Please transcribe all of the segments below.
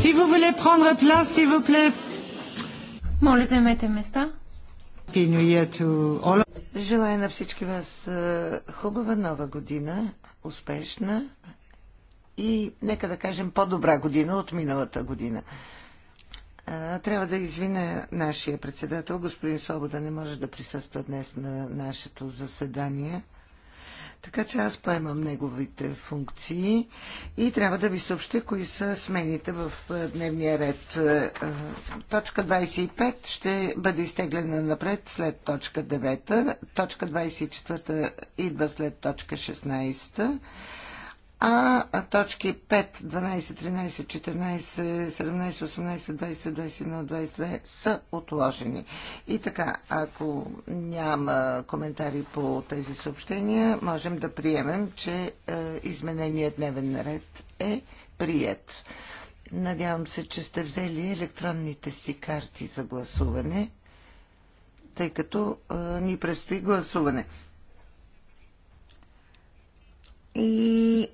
Si vous voulez prendre place, s'il vous plaît. Моля, заемете места. Желая на всички вас е, хубава нова година, успешна и, нека да кажем, по-добра година от миналата година. Трябва да извиня нашия председател, господин Свобода не може да присъства днес на нашето заседание. Така че аз поемам неговите функции и трябва да ви съобщя кои са смените в дневния ред. Точка 25 ще бъде изтеглена напред след точка 9. Точка 24 идва след точка 16 а точки 5, 12, 13, 14, 17, 18, 20, 21, 22 са отложени. И така, ако няма коментари по тези съобщения, можем да приемем, че е, измененият дневен ред е прият. Надявам се, че сте взели електронните си карти за гласуване, тъй като е, ни предстои гласуване. И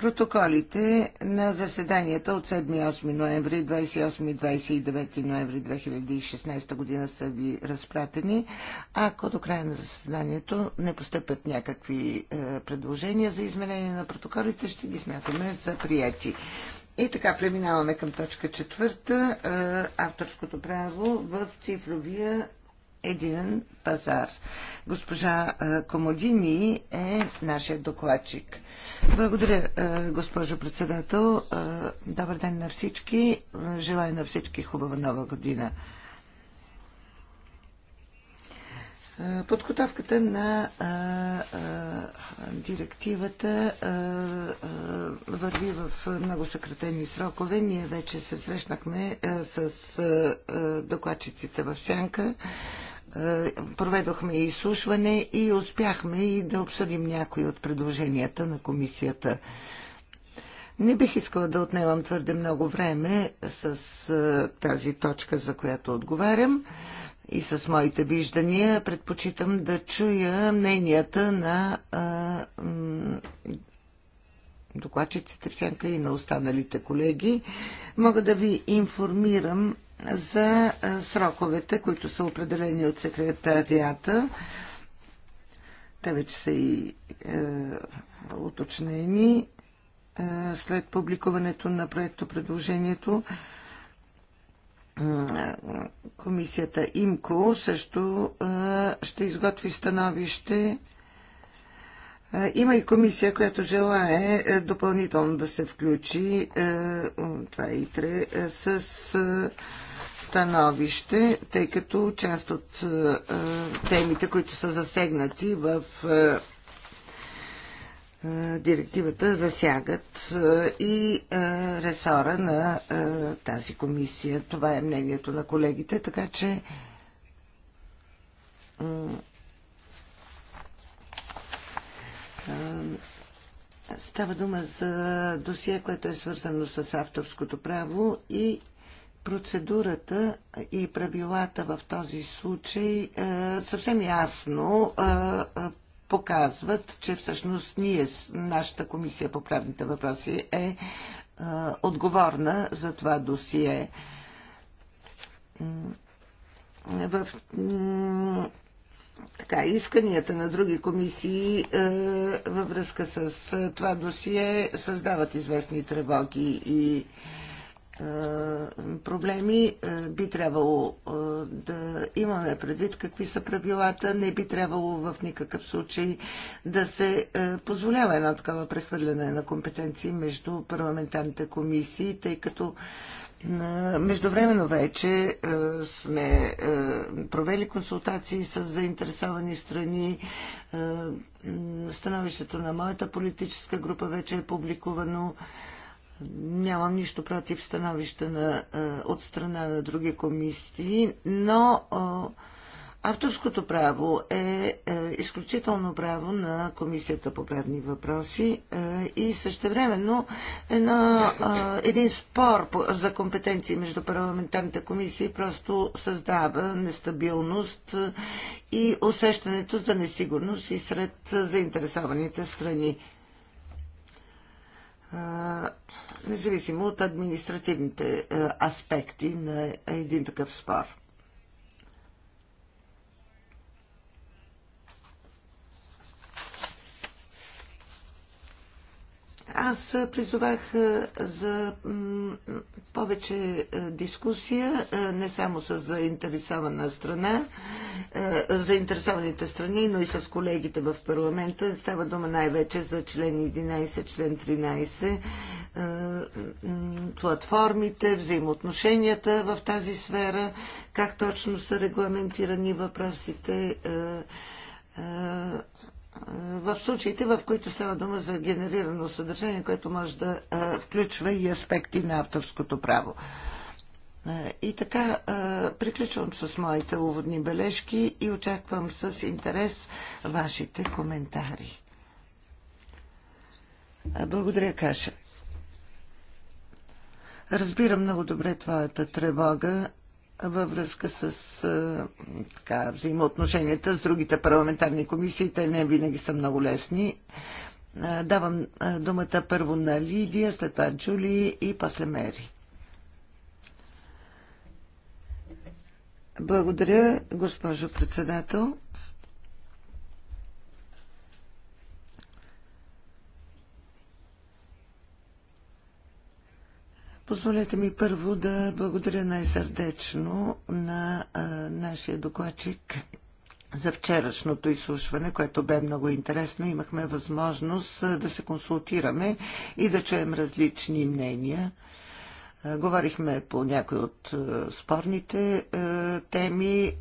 протоколите на заседанията от 7-8 ноември, 28 и 29 ноември 2016 година са ви разпратени. Ако до края на заседанието не постъпят някакви е, предложения за изменение на протоколите, ще ги смятаме за прияти. И така преминаваме към точка четвърта. Е, авторското право в цифровия един пазар. Госпожа Комодини е нашия докладчик. Благодаря, госпожо председател. Добър ден на всички. Желая на всички хубава нова година. Подготовката на а, а, директивата а, а, върви в много съкратени срокове. Ние вече се срещнахме а, с а, докладчиците в Сянка. А, е, проведохме изслушване и успяхме и да обсъдим някои от предложенията на комисията. Не бих искала да отнемам твърде много време с е, тази точка, за която отговарям и с моите виждания. Предпочитам да чуя мненията на а, е, докладчиците в сянка и на останалите колеги. Мога да ви информирам за сроковете, които са определени от секретарията. Те вече са и е, уточнени е, след публикуването на проекто предложението. Е, комисията ИМКО също е, ще изготви становище. Е, има и комисия, която желае допълнително да се включи, това е ИТРЕ, с становище, тъй като част от е, е, темите, които са засегнати в е, директивата, засягат и ресора на тази комисия. Това е мнението на колегите, така че Става дума за досие, което е свързано с авторското право и процедурата и правилата в този случай е, съвсем ясно е, е, показват, че всъщност ние, нашата комисия по правните въпроси е отговорна за това досие. В така, исканията на други комисии е, във връзка с това досие създават известни тревоги и е, е, проблеми, е, би трябвало е, да имаме предвид какви са правилата. Не би трябвало в никакъв случай да се позволява едно такава прехвърляне на компетенции между парламентарните комисии, тъй като Междувременно вече сме провели консултации с заинтересовани страни. Становището на моята политическа група вече е публикувано. Нямам нищо против становища на, е, от страна на други комисии, но е, авторското право е, е изключително право на Комисията по правни въпроси и същевременно едно, един спор за компетенции между парламентарните комисии просто създава нестабилност и усещането за несигурност и сред заинтересованите страни независимо от административните е, аспекти на един такъв спор. Аз призовах за повече дискусия, не само с заинтересована страна, заинтересованите страни, но и с колегите в парламента. Става дума най-вече за член 11, член 13, платформите, взаимоотношенията в тази сфера, как точно са регламентирани въпросите, в случаите, в които става дума за генерирано съдържание, което може да включва и аспекти на авторското право. И така, приключвам с моите уводни бележки и очаквам с интерес вашите коментари. Благодаря, Каша. Разбирам много добре твоята тревога във връзка с така, взаимоотношенията с другите парламентарни комисии. Те не винаги са много лесни. Давам думата първо на Лидия, след това Джули и после Мери. Благодаря, госпожо председател. Позволете ми първо да благодаря най-сърдечно на а, нашия докладчик за вчерашното изслушване, което бе много интересно. Имахме възможност да се консултираме и да чуем различни мнения. говорихме по някои от спорните теми.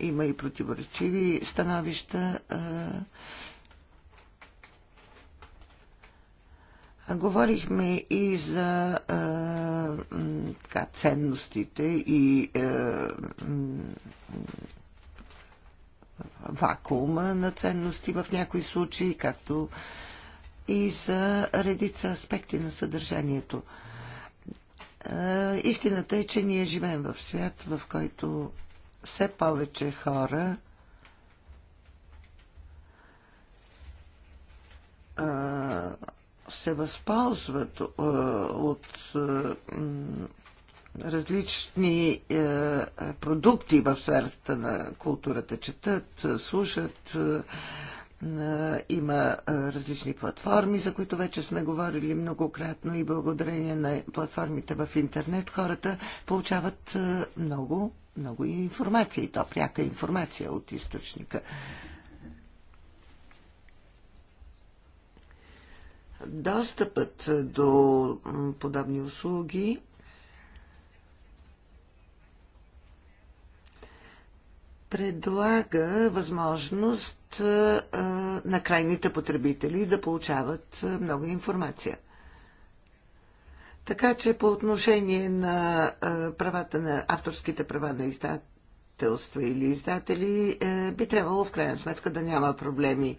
има и противоречиви становища. Говорихме и за а, е, така, ценностите и а, е, вакуума на ценности в някои случаи, както и за редица аспекти на съдържанието. А, е, истината е, че ние живеем в свят, в който все повече хора а, се възползват е, от е, различни е, продукти в сферата на културата, четат, слушат, има различни платформи, за които вече сме говорили многократно и благодарение на платформите в интернет хората получават много, много информация и то пряка информация от източника. Достъпът до подобни услуги предлага възможност на крайните потребители да получават много информация. Така че по отношение на правата на авторските права на издателства или издатели, е, би трябвало в крайна сметка да няма проблеми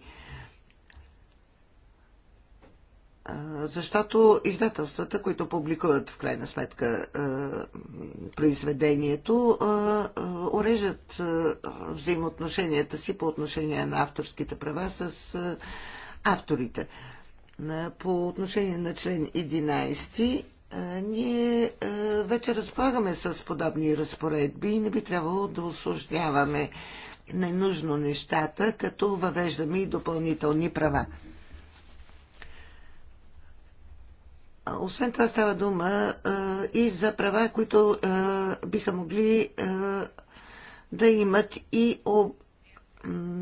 защото издателствата, които публикуват в крайна сметка произведението, уреждат взаимоотношенията си по отношение на авторските права с авторите. По отношение на член 11, ние вече разполагаме с подобни разпоредби и не би трябвало да осложняваме ненужно нещата, като въвеждаме и допълнителни права. Освен това става дума и за права, които биха могли да имат и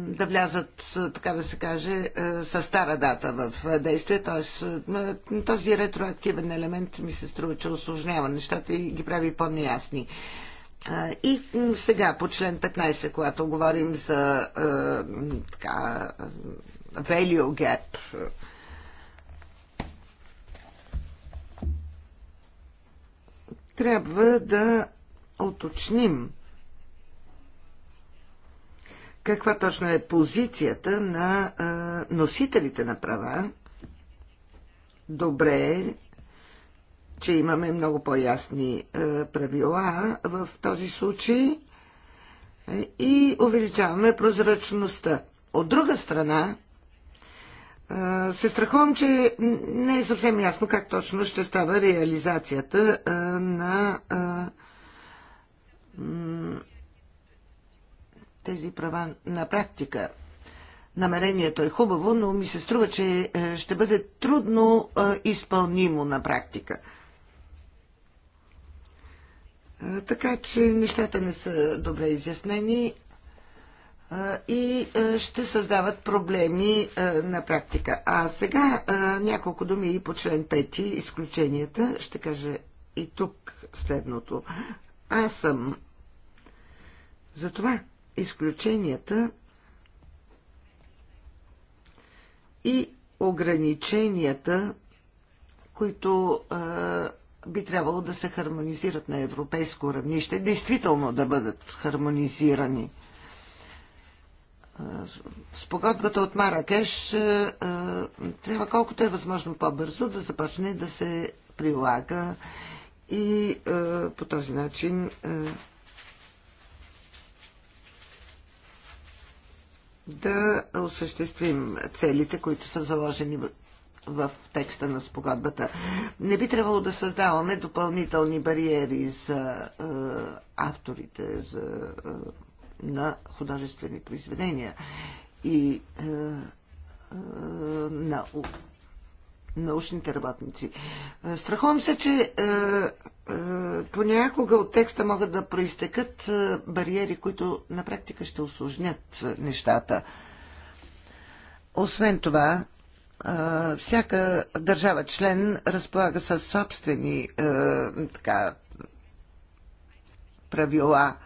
да влязат, така да се каже, с стара дата в действие. т.е. този ретроактивен елемент ми се струва, че осложнява нещата и ги прави по-неясни. И сега по член 15, когато говорим за така, value gap, трябва да оточним каква точно е позицията на носителите на права. Добре е, че имаме много по-ясни правила в този случай и увеличаваме прозрачността. От друга страна, се страхувам, че не е съвсем ясно как точно ще става реализацията на тези права на практика. Намерението е хубаво, но ми се струва, че ще бъде трудно изпълнимо на практика. Така че нещата не са добре изяснени и ще създават проблеми на практика. А сега няколко думи и по член 5, изключенията. Ще кажа и тук следното. Аз съм за това изключенията и ограниченията, които би трябвало да се хармонизират на европейско равнище, действително да бъдат хармонизирани – спогодбата от Маракеш е, е, трябва колкото е възможно по-бързо да започне да се прилага и е, по този начин да осъществим целите, които са заложени в текста на спогодбата. Не би трябвало да създаваме допълнителни бариери за авторите, за на художествени произведения и е, е на научните работници. Страхувам се, че е, е, понякога от текста могат да проистекат е, бариери, които на практика ще осложнят нещата. Освен това, е, всяка държава член разполага със собствени е, така, правила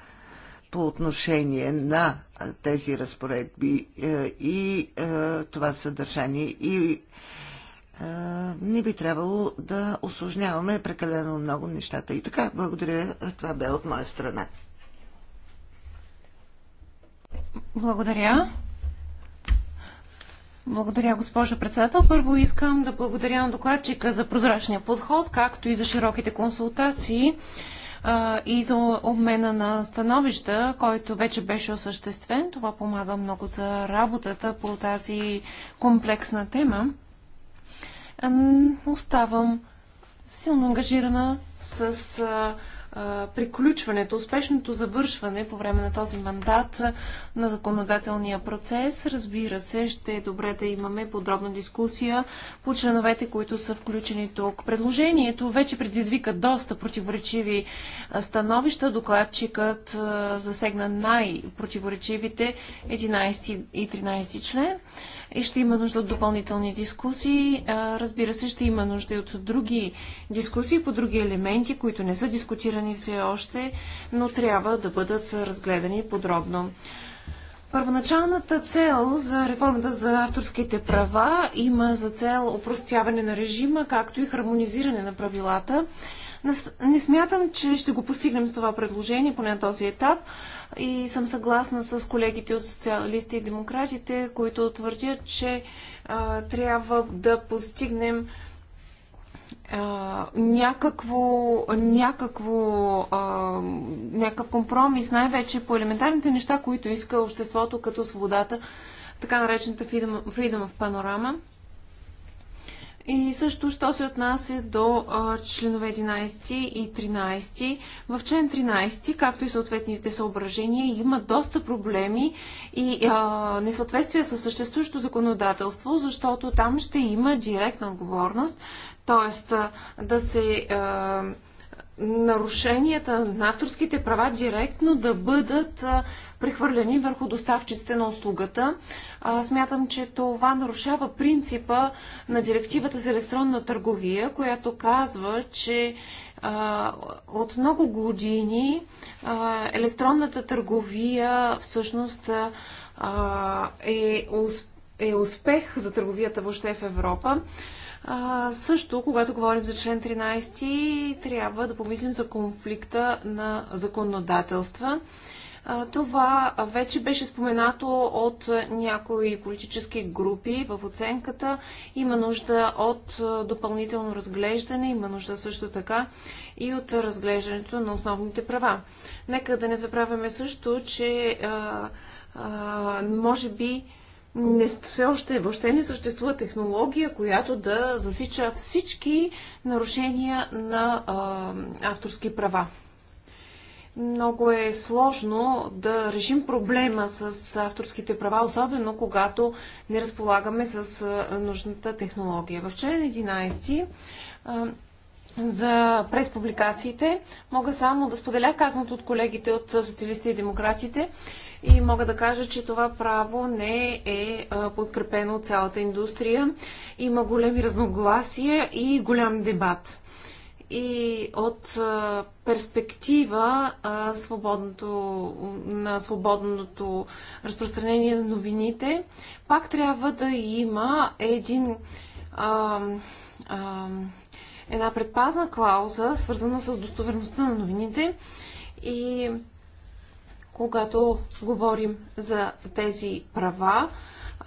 по отношение на тези разпоредби е, и е, това съдържание и е, не би трябвало да осложняваме прекалено много нещата. И така, благодаря. Това бе от моя страна. Благодаря. Благодаря, госпожо председател. Първо искам да благодаря на докладчика за прозрачния подход, както и за широките консултации а, и за обмена на становища, който вече беше осъществен. Това помага много за работата по тази комплексна тема. Оставам силно ангажирана с приключването, успешното завършване по време на този мандат на законодателния процес. Разбира се, ще е добре да имаме подробна дискусия по членовете, които са включени тук. Предложението вече предизвика доста противоречиви становища. Докладчикът засегна най-противоречивите 11 и 13 член и ще има нужда от допълнителни дискусии. Разбира се, ще има нужда и от други дискусии по други елементи, които не са дискутирани все още, но трябва да бъдат разгледани подробно. Първоначалната цел за реформата за авторските права има за цел опростяване на режима, както и хармонизиране на правилата. Не смятам, че ще го постигнем с това предложение, поне на този етап, и съм съгласна с колегите от социалисти и демократите, които твърдят, че а, трябва да постигнем а, някакво, някакво, а, някакъв компромис, най-вече по елементарните неща, които иска обществото, като свободата, така наречената Freedom, freedom of Panorama – и също, що се отнася до а, членове 11 и 13, в член 13, както и съответните съображения, има доста проблеми и а, несъответствия с съществуващото законодателство, защото там ще има директна отговорност, т.е. да се а, нарушенията на авторските права директно да бъдат прехвърляни върху доставчиците на услугата. А, смятам, че това нарушава принципа на директивата за електронна търговия, която казва, че а, от много години а, електронната търговия всъщност е, е успех за търговията въобще в Европа. А, също, когато говорим за член 13, трябва да помислим за конфликта на законодателства. Това вече беше споменато от някои политически групи в оценката. Има нужда от допълнително разглеждане, има нужда също така и от разглеждането на основните права. Нека да не забравяме също, че а, а, може би не, все още въобще не съществува технология, която да засича всички нарушения на а, авторски права. Много е сложно да решим проблема с авторските права, особено когато не разполагаме с нужната технология. В член 11 за преспубликациите мога само да споделя казаното от колегите от социалистите и демократите и мога да кажа, че това право не е подкрепено от цялата индустрия. Има големи разногласия и голям дебат и от перспектива а, свободното, на свободното разпространение на новините, пак трябва да има един, а, а, една предпазна клауза, свързана с достоверността на новините. И когато говорим за тези права,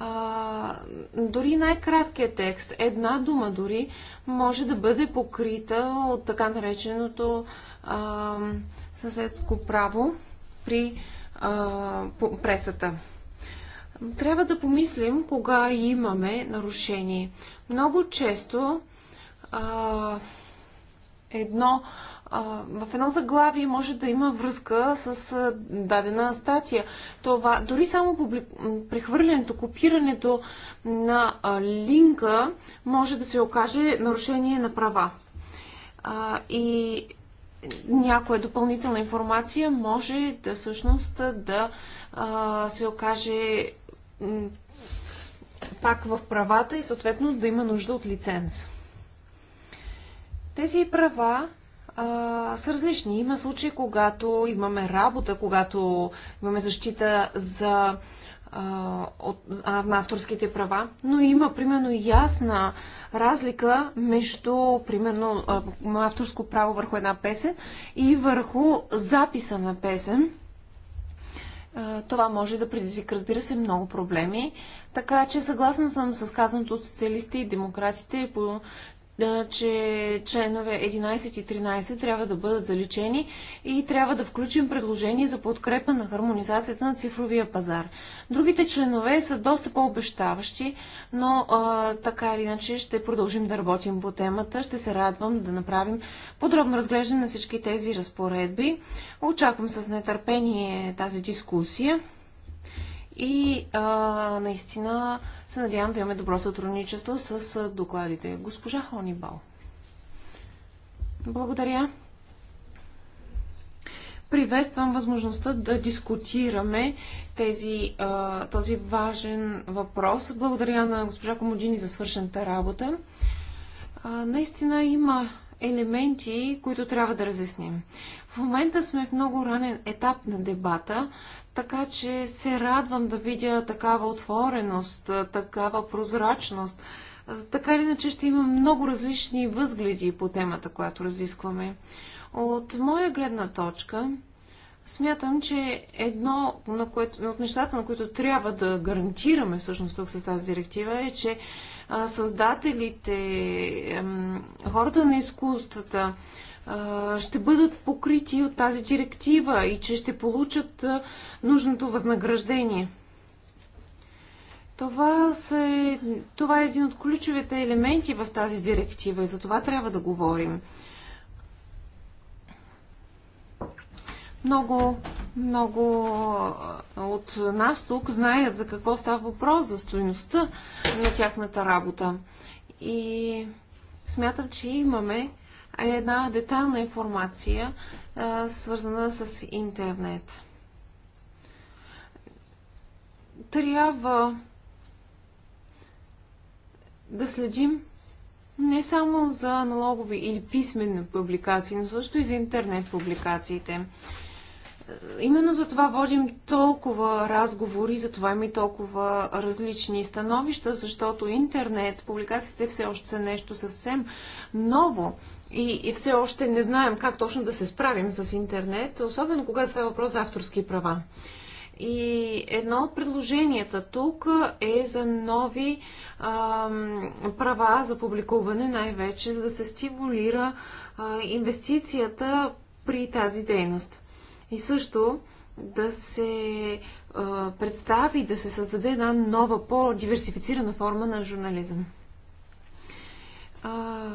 а, дори най-краткият текст, една дума дори, може да бъде покрита от така нареченото а, съседско право при а, пресата. Трябва да помислим кога имаме нарушение. Много често а, едно в едно заглавие може да има връзка с дадена статия. Това, дори само публик... прехвърлянето, копирането на линка може да се окаже нарушение на права. и някоя допълнителна информация може да всъщност да се окаже пак в правата и съответно да има нужда от лиценз. Тези права а, са различни. Има случаи, когато имаме работа, когато имаме защита за а, от, а, на авторските права, но има примерно ясна разлика между примерно авторско право върху една песен и върху записа на песен. Това може да предизвика, разбира се, много проблеми. Така че съгласна съм с казаното от социалистите и демократите по че членове 11 и 13 трябва да бъдат заличени и трябва да включим предложение за подкрепа на хармонизацията на цифровия пазар. Другите членове са доста по-обещаващи, но а, така или иначе ще продължим да работим по темата. Ще се радвам да направим подробно разглеждане на всички тези разпоредби. Очаквам с нетърпение тази дискусия и а, наистина се надявам да имаме добро сътрудничество с докладите. Госпожа Хонибал. Благодаря. Приветствам възможността да дискутираме тези, а, този важен въпрос. Благодаря на госпожа Комодини за свършената работа. А, наистина има елементи, които трябва да разясним. В момента сме в много ранен етап на дебата, така че се радвам да видя такава отвореност, такава прозрачност. Така или иначе ще има много различни възгледи по темата, която разискваме. От моя гледна точка, смятам, че едно на което, от нещата, на които трябва да гарантираме всъщност тук с тази директива е, че създателите, хората на изкуствата, ще бъдат покрити от тази директива и че ще получат нужното възнаграждение. Това, са, е, това е един от ключовите елементи в тази директива и за това трябва да говорим. Много, много от нас тук знаят за какво става въпрос, за стоеността на тяхната работа. И смятам, че имаме е една детална информация, свързана с интернет. Трябва да следим не само за аналогови или писмени публикации, но също и за интернет публикациите. Именно за това водим толкова разговори, за това има и толкова различни становища, защото интернет, публикациите все още са нещо съвсем ново и, и все още не знаем как точно да се справим с интернет, особено когато става въпрос за авторски права. И едно от предложенията тук е за нови а, права за публикуване, най-вече, за да се стимулира а, инвестицията при тази дейност. И също да се а, представи, да се създаде една нова, по-диверсифицирана форма на журнализъм. А,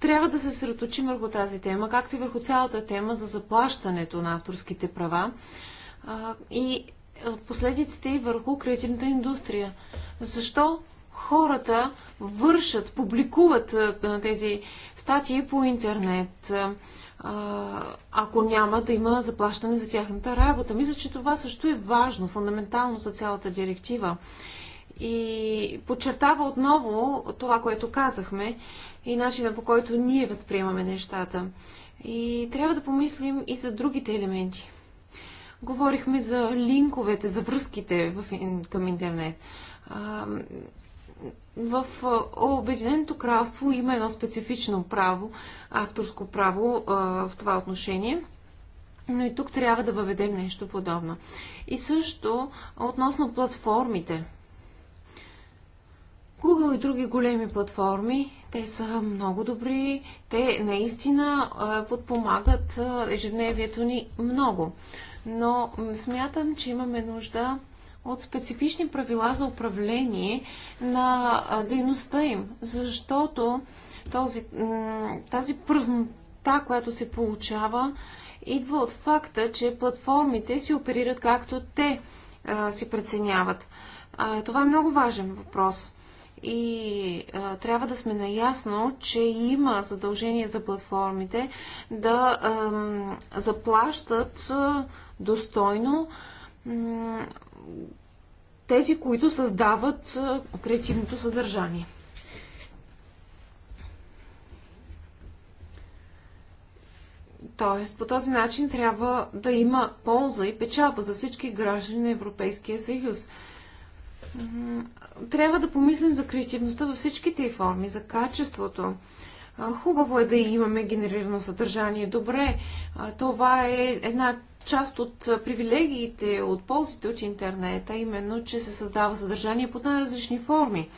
трябва да се съсредоточим върху тази тема, както и върху цялата тема за заплащането на авторските права и последиците и върху креативната индустрия. Защо хората вършат, публикуват тези статии по интернет, ако няма да има заплащане за тяхната работа? Мисля, че това също е важно, фундаментално за цялата директива и подчертава отново това, което казахме и начина по който ние възприемаме нещата. И трябва да помислим и за другите елементи. Говорихме за линковете, за връзките в, към интернет. А, в Обединеното кралство има едно специфично право, авторско право а, в това отношение. Но и тук трябва да въведем нещо подобно. И също относно платформите. Google и други големи платформи, те са много добри. Те наистина подпомагат ежедневието ни много. Но смятам, че имаме нужда от специфични правила за управление на дейността им, защото този, тази пръзнота, която се получава, идва от факта, че платформите си оперират както те а, си преценяват. А, това е много важен въпрос. И а, трябва да сме наясно, че има задължение за платформите да а, заплащат достойно тези, които създават креативното съдържание. Тоест, по този начин трябва да има полза и печалба за всички граждани на Европейския съюз трябва да помислим за креативността във всичките й форми, за качеството. Хубаво е да имаме генерирано съдържание. Добре, това е една част от привилегиите, от ползите от интернета, именно, че се създава съдържание под най-различни форми.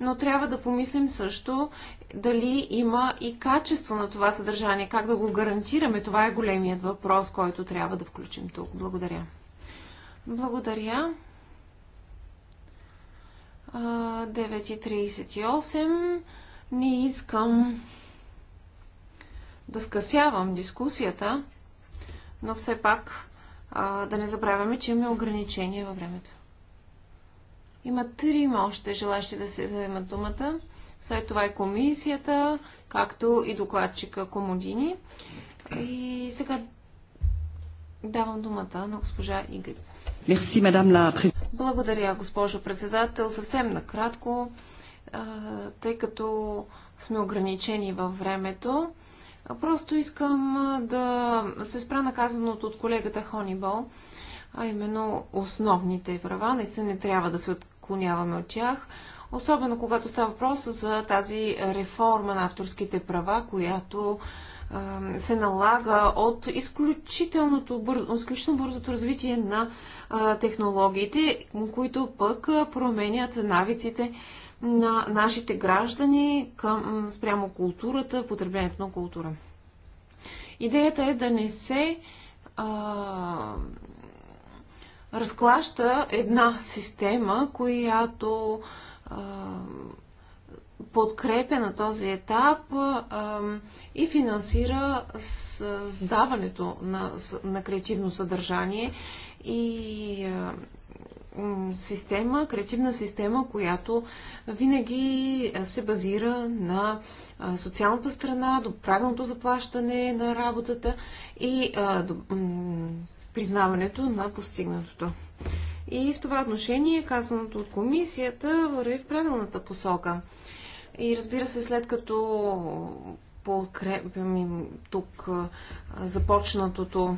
Но трябва да помислим също дали има и качество на това съдържание, как да го гарантираме. Това е големият въпрос, който трябва да включим тук. Благодаря. Благодаря. 9.38. Не искам да скъсявам дискусията, но все пак а, да не забравяме, че имаме ограничения във времето. Има три още желащи да се вземат думата. След това е комисията, както и докладчика Комодини. И сега давам думата на госпожа Игрип. Благодаря, госпожо председател. Съвсем накратко, тъй като сме ограничени във времето, просто искам да се спра на казаното от колегата Хонибол, а именно основните права. не се не трябва да се отклоняваме от тях, особено когато става въпрос за тази реформа на авторските права, която се налага от изключителното бързо, изключително бързото развитие на технологиите, които пък променят навиците на нашите граждани към, спрямо културата, потреблението на култура. Идеята е да не се а, разклаща една система, която а, подкрепя на този етап а, и финансира създаването на, на креативно съдържание и а, система, креативна система, която винаги се базира на социалната страна, до правилното заплащане на работата и а, до, признаването на постигнатото. И в това отношение казаното от комисията върви в правилната посока. И разбира се, след като подкрепям тук започнатото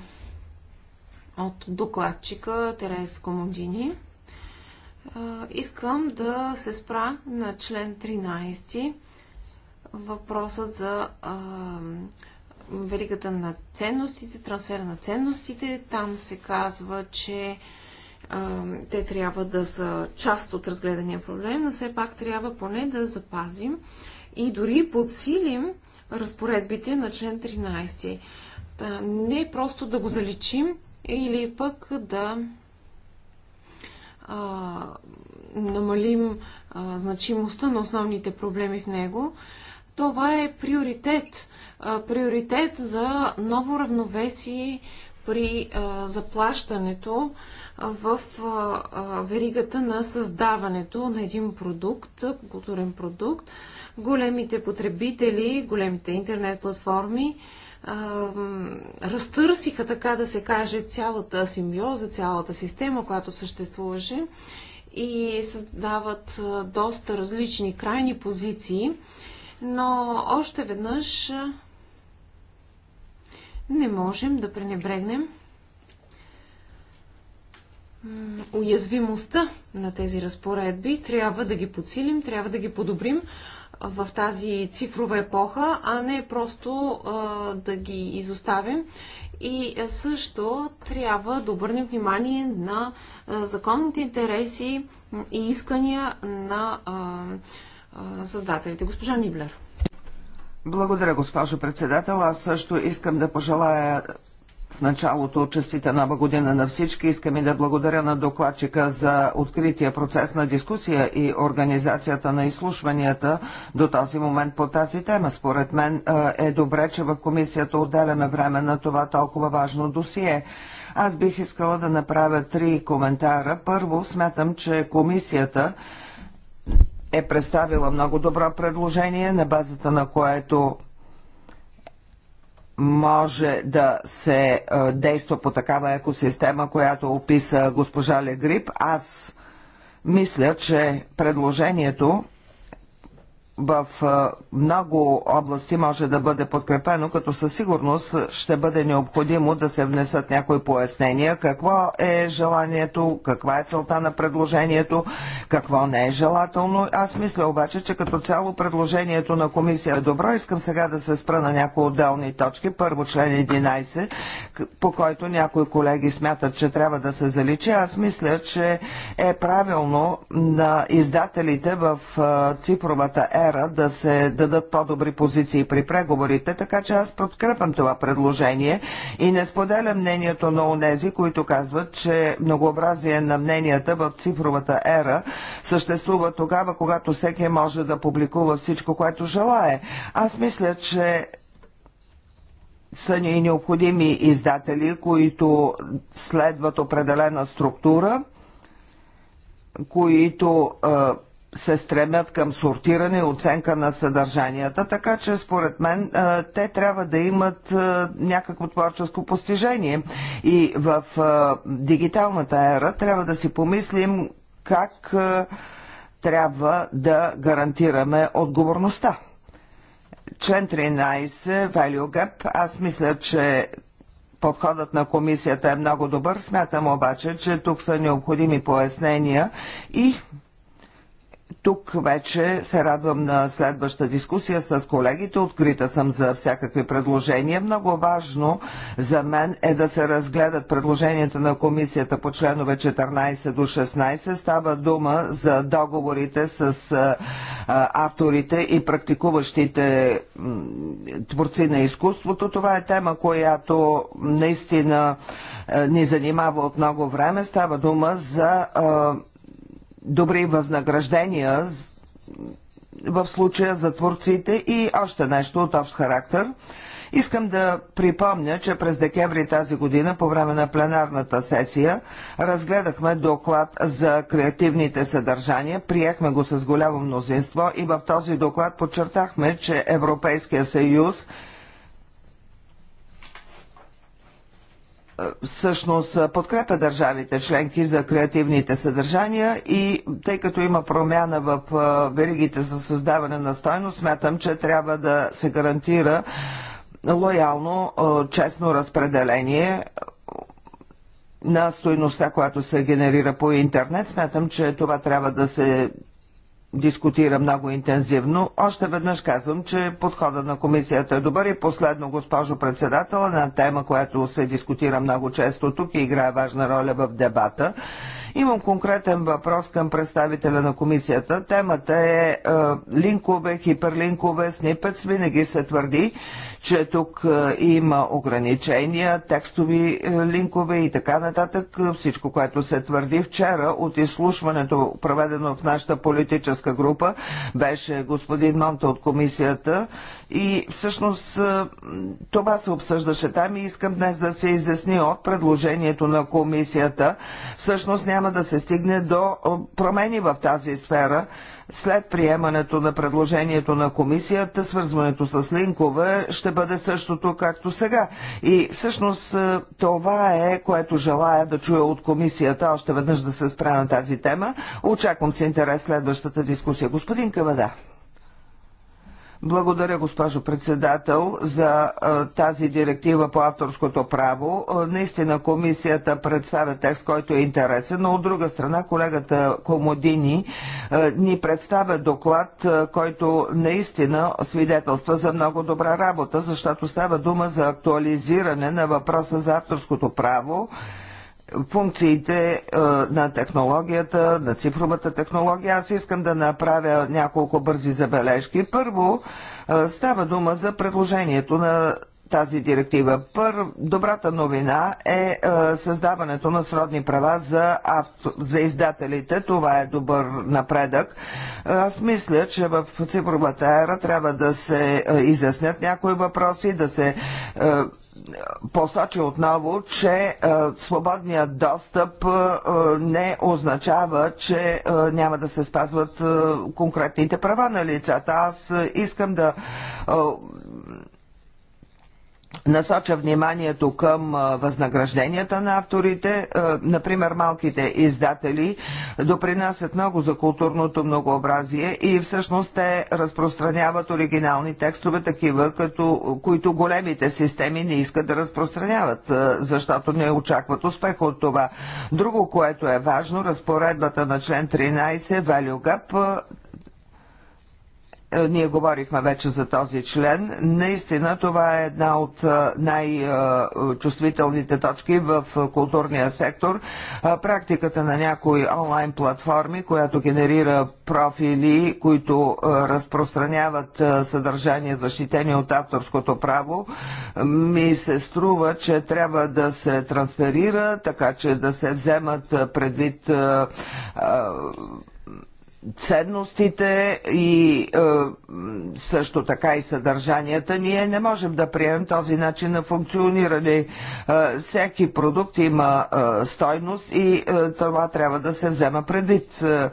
от докладчика Терес Комодини, искам да се спра на член 13 въпросът за а, веригата на ценностите, трансфера на ценностите. Там се казва, че те трябва да са част от разгледания проблем, но все пак трябва поне да запазим и дори подсилим разпоредбите на член 13. Не просто да го заличим или пък да а, намалим а, значимостта на основните проблеми в него. Това е приоритет. А, приоритет за ново равновесие при заплащането в веригата на създаването на един продукт, културен продукт. Големите потребители, големите интернет платформи разтърсиха, така да се каже, цялата симбиоза, цялата система, която съществуваше и създават доста различни крайни позиции. Но още веднъж не можем да пренебрегнем уязвимостта на тези разпоредби. Трябва да ги подсилим, трябва да ги подобрим в тази цифрова епоха, а не просто да ги изоставим. И също трябва да обърнем внимание на законните интереси и искания на създателите. Госпожа Ниблер. Благодаря, госпожо председател. Аз също искам да пожелая в началото честита нова година на всички. Искам и да благодаря на докладчика за открития процес на дискусия и организацията на изслушванията до този момент по тази тема. Според мен е добре, че в комисията отделяме време на това толкова важно досие. Аз бих искала да направя три коментара. Първо, смятам, че комисията е представила много добро предложение, на базата на което може да се действа по такава екосистема, която описа госпожа Легрип. Аз мисля, че предложението в много области може да бъде подкрепено, като със сигурност ще бъде необходимо да се внесат някои пояснения какво е желанието, каква е целта на предложението, какво не е желателно. Аз мисля обаче, че като цяло предложението на комисия е добро. Искам сега да се спра на някои отделни точки. Първо член 11, по който някои колеги смятат, че трябва да се заличи. Аз мисля, че е правилно на издателите в цифровата ера сфера да се дадат по-добри позиции при преговорите, така че аз подкрепям това предложение и не споделя мнението на онези, които казват, че многообразие на мненията в цифровата ера съществува тогава, когато всеки може да публикува всичко, което желае. Аз мисля, че са ни необходими издатели, които следват определена структура, които се стремят към сортиране и оценка на съдържанията, така че според мен те трябва да имат някакво творческо постижение. И в дигиталната ера трябва да си помислим как трябва да гарантираме отговорността. Член 13, Value Gap, аз мисля, че Подходът на комисията е много добър, смятам обаче, че тук са необходими пояснения и тук вече се радвам на следваща дискусия с колегите. Открита съм за всякакви предложения. Много важно за мен е да се разгледат предложенията на комисията по членове 14 до 16. Става дума за договорите с а, авторите и практикуващите творци на изкуството. Това е тема, която наистина ни занимава от много време. Става дума за а, добри възнаграждения в случая за творците и още нещо от общ характер. Искам да припомня, че през декември тази година, по време на пленарната сесия, разгледахме доклад за креативните съдържания, приехме го с голямо мнозинство и в този доклад подчертахме, че Европейския съюз всъщност подкрепя държавите членки за креативните съдържания и тъй като има промяна в веригите за създаване на стойност, смятам, че трябва да се гарантира лоялно, честно разпределение на стоеността, която се генерира по интернет. Смятам, че това трябва да се дискутира много интензивно. Още веднъж казвам, че подхода на комисията е добър и последно, госпожо председател, на тема, която се дискутира много често тук и играе важна роля в дебата. Имам конкретен въпрос към представителя на комисията. Темата е, е линкове, хиперлинкове, снипец. Винаги се твърди, че тук е, има ограничения, текстови е, линкове и така нататък. Всичко, което се твърди вчера от изслушването, проведено в нашата политическа група, беше господин Монта от комисията. И всъщност това се обсъждаше там и искам днес да се изясни от предложението на комисията. Всъщност няма да се стигне до промени в тази сфера. След приемането на предложението на комисията, свързването с линкове ще бъде същото както сега. И всъщност това е, което желая да чуя от комисията, още веднъж да се спра на тази тема. Очаквам с интерес следващата дискусия. Господин Кавада. Благодаря, госпожо председател, за тази директива по авторското право. Наистина комисията представя текст, който е интересен, но от друга страна колегата Комодини ни представя доклад, който наистина свидетелства за много добра работа, защото става дума за актуализиране на въпроса за авторското право функциите е, на технологията, на цифровата технология. Аз искам да направя няколко бързи забележки. Първо, е, става дума за предложението на тази директива. Пър, добрата новина е, а, е, създаването на сродни права за, авто, за издателите. Това е добър напредък. Аз мисля, че в цифровата ера трябва да се а, изяснят някои въпроси, да се А, посочи отново, че е, свободният достъп е, не означава, че е, няма да се спазват конкретните права на лицата. Аз искам да насоча вниманието към възнагражденията на авторите. Например, малките издатели допринасят много за културното многообразие и всъщност те разпространяват оригинални текстове, такива, като, които големите системи не искат да разпространяват, защото не очакват успех от това. Друго, което е важно, разпоредбата на член 13 Value Gap е, ние говорихме вече за този член. Наистина това е една от е, най-чувствителните точки в е, културния сектор. Практиката на някои онлайн платформи, която генерира профили, които разпространяват съдържание защитени от авторското право, ми се струва, че трябва да се трансферира, така че да се вземат предвид ценностите и е, също така и съдържанията. Ние не можем да приемем този начин на функциониране. Е, всеки продукт има е, стойност и е, това трябва да се взема предвид. Е, е,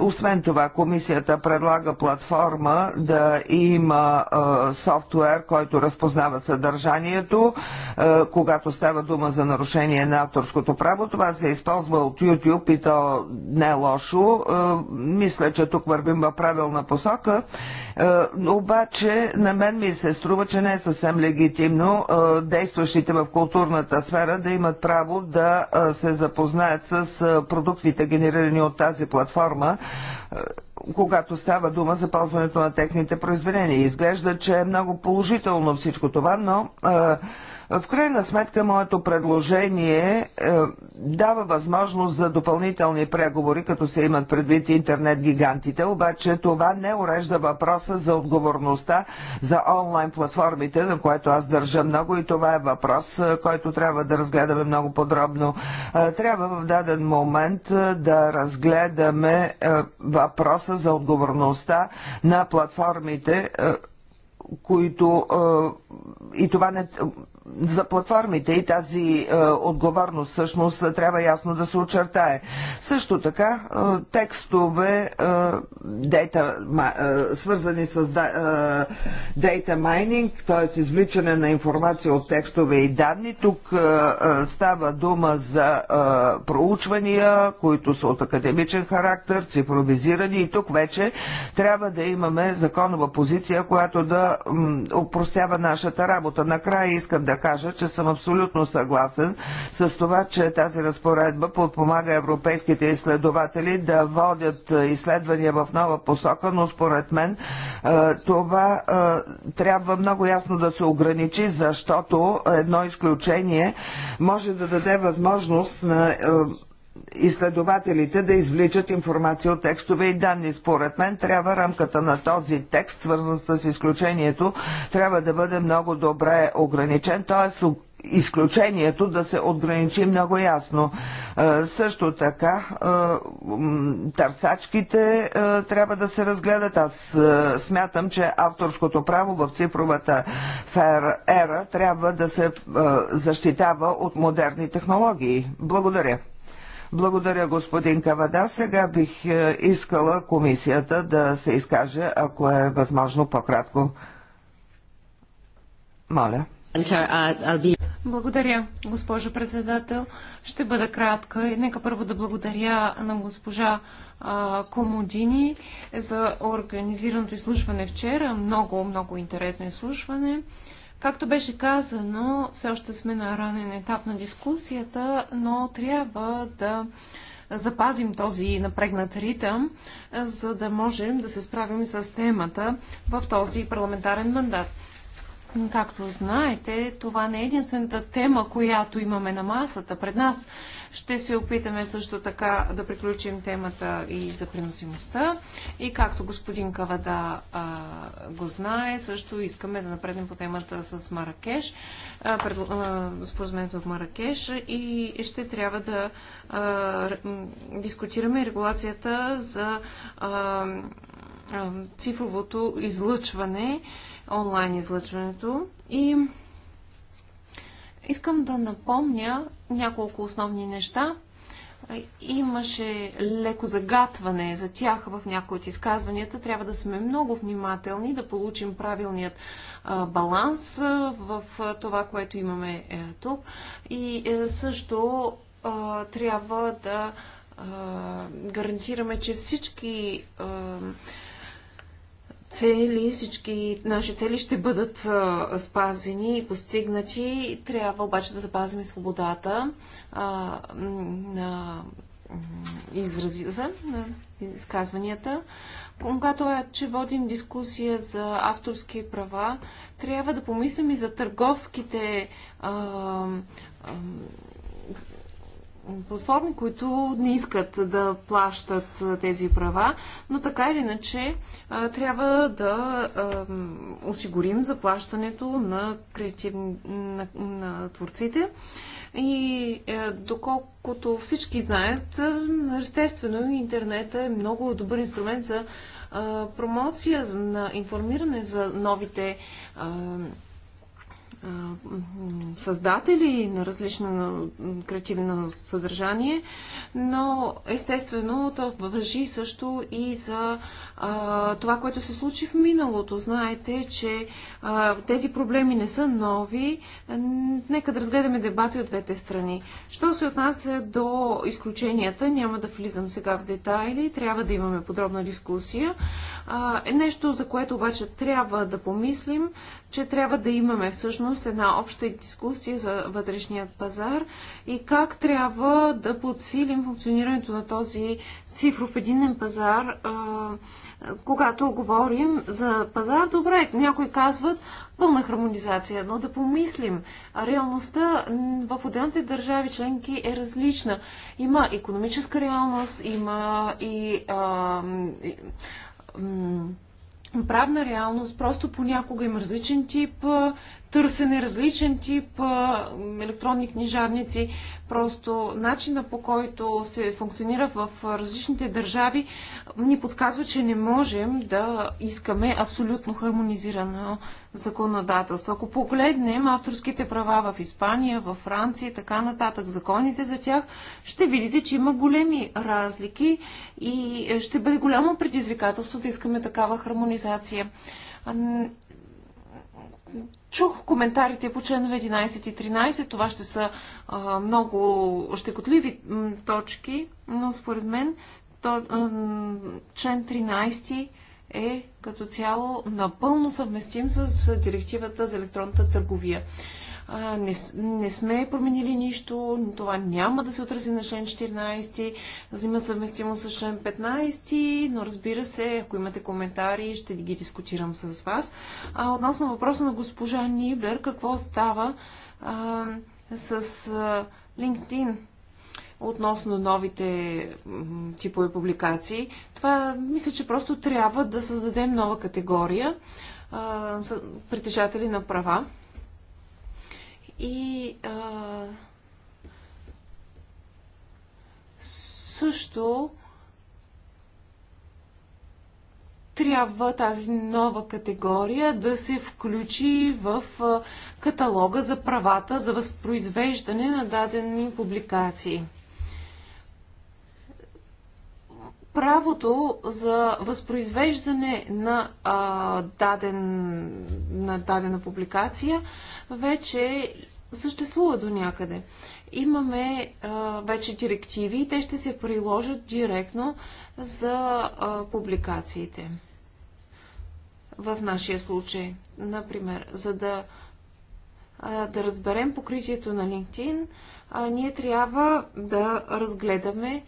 освен това, комисията предлага платформа да има е, софтуер, който разпознава съдържанието, е, когато става дума за нарушение на авторското право. Това се използва от YouTube и то не е лошо. Е, мисля, че тук вървим в правилна посока, е, обаче на мен ми се струва, че не е съвсем легитимно е, действащите в културната сфера да имат право да е, се запознаят с продуктите, генерирани от тази платформа когато става дума за ползването на техните произведения. Изглежда, че е много положително всичко това, но в крайна сметка моето предложение е, дава възможност за допълнителни преговори, като се имат предвид интернет гигантите, обаче това не урежда въпроса за отговорността за онлайн платформите, на което аз държа много и това е въпрос, който трябва да разгледаме много подробно. трябва в даден момент да разгледаме въпроса за отговорността на платформите, е, които е, и това не, за платформите и тази е, отговорност всъщност трябва ясно да се очертае. Също така е, текстове е, дейта, е, свързани с дейта майнинг, е, т.е. извличане на информация от текстове и данни. Тук е, е, става дума за е, проучвания, които са от академичен характер, цифровизирани и тук вече трябва да имаме законова позиция, която да м, упростява нашата работа. Накрая искам да кажа, че съм абсолютно съгласен с това, че тази разпоредба подпомага европейските изследователи да водят е, изследвания в нова посока, но според мен е, това е, трябва много ясно да се ограничи, защото едно изключение може да даде възможност на изследователите да извличат информация от текстове и данни. Според мен трябва рамката на този текст, свързан с изключението, трябва да бъде много добре ограничен, т.е. изключението да се отграничи много ясно. Е, също така, е, търсачките е, трябва да се разгледат. Аз смятам, че авторското право в цифровата ера трябва да се защитава от модерни технологии. Благодаря. Благодаря, господин Кавада. Сега бих е, искала комисията да се изкаже, ако е възможно по-кратко. Моля. Uh, благодаря, госпожо председател. Ще бъда кратка. Нека първо да благодаря на госпожа Комодини за организираното изслушване вчера. Много, много интересно изслушване. Както беше казано, все още сме на ранен етап на дискусията, но трябва да запазим този напрегнат ритъм, за да можем да се справим с темата в този парламентарен мандат. Както знаете, това не е единствената тема, която имаме на масата пред нас. Ще се опитаме също така да приключим темата и за приносимостта. И както господин Кавада а, го знае, също искаме да напреднем по темата с Маракеш, а, пред, а, споразумението в Маракеш и ще трябва да а, дискутираме регулацията за а, а, цифровото излъчване, онлайн излъчването и Искам да напомня няколко основни неща. Имаше леко загатване за тях в някои от изказванията. Трябва да сме много внимателни, да получим правилният баланс в това, което имаме е, тук. И е, също трябва да гарантираме, че всички цели, всички наши цели ще бъдат а, спазени и постигнати. Трябва обаче да запазим свободата а, на изразите, на изказванията. Когато е, че водим дискусия за авторски права, трябва да помислим и за търговските а, платформи, които не искат да плащат тези права, но така или иначе трябва да осигурим заплащането на, креатив... на, на творците. И е, доколкото всички знаят, е, естествено интернет е много добър инструмент за промоция, на информиране за новите създатели на различно креативно съдържание, но естествено то въжи също и за а, това, което се случи в миналото. Знаете, че а, тези проблеми не са нови. Нека да разгледаме дебати от двете страни. Що се отнася до изключенията, няма да влизам сега в детайли, трябва да имаме подробна дискусия. А, е нещо, за което обаче трябва да помислим, че трябва да имаме всъщност всъщност една обща дискусия за вътрешният пазар и как трябва да подсилим функционирането на този цифров единен пазар, когато говорим за пазар. Добре, някои казват пълна хармонизация, но да помислим. Реалността в отделните държави членки е различна. Има економическа реалност, има и а, и, правна реалност, просто понякога има различен тип търсене, различен тип електронни книжарници. Просто начина по който се функционира в различните държави ни подсказва, че не можем да искаме абсолютно хармонизирано законодателство. Ако погледнем авторските права в Испания, в Франция и така нататък, законите за тях, ще видите, че има големи разлики и ще бъде голямо предизвикателство да искаме такава хармонизация Чух коментарите по членове 11 и 13. Това ще са а, много щекотливи точки, но според мен то, а, член 13 е като цяло напълно съвместим с директивата за електронната търговия а, не, не сме променили нищо, това няма да се отрази на член 14, взима съвместимост с член 15, но разбира се, ако имате коментари, ще ги дискутирам с вас. А, относно въпроса на госпожа Ниблер, какво става а, с а, LinkedIn? относно новите типове публикации. Това мисля, че просто трябва да създадем нова категория а, притежатели на права. И а, също трябва тази нова категория да се включи в каталога за правата за възпроизвеждане на дадени публикации. Правото за възпроизвеждане на, а, даден, на дадена публикация вече съществува до някъде. Имаме а, вече директиви и те ще се приложат директно за а, публикациите. В нашия случай, например, за да, а, да разберем покритието на LinkedIn, а, ние трябва да разгледаме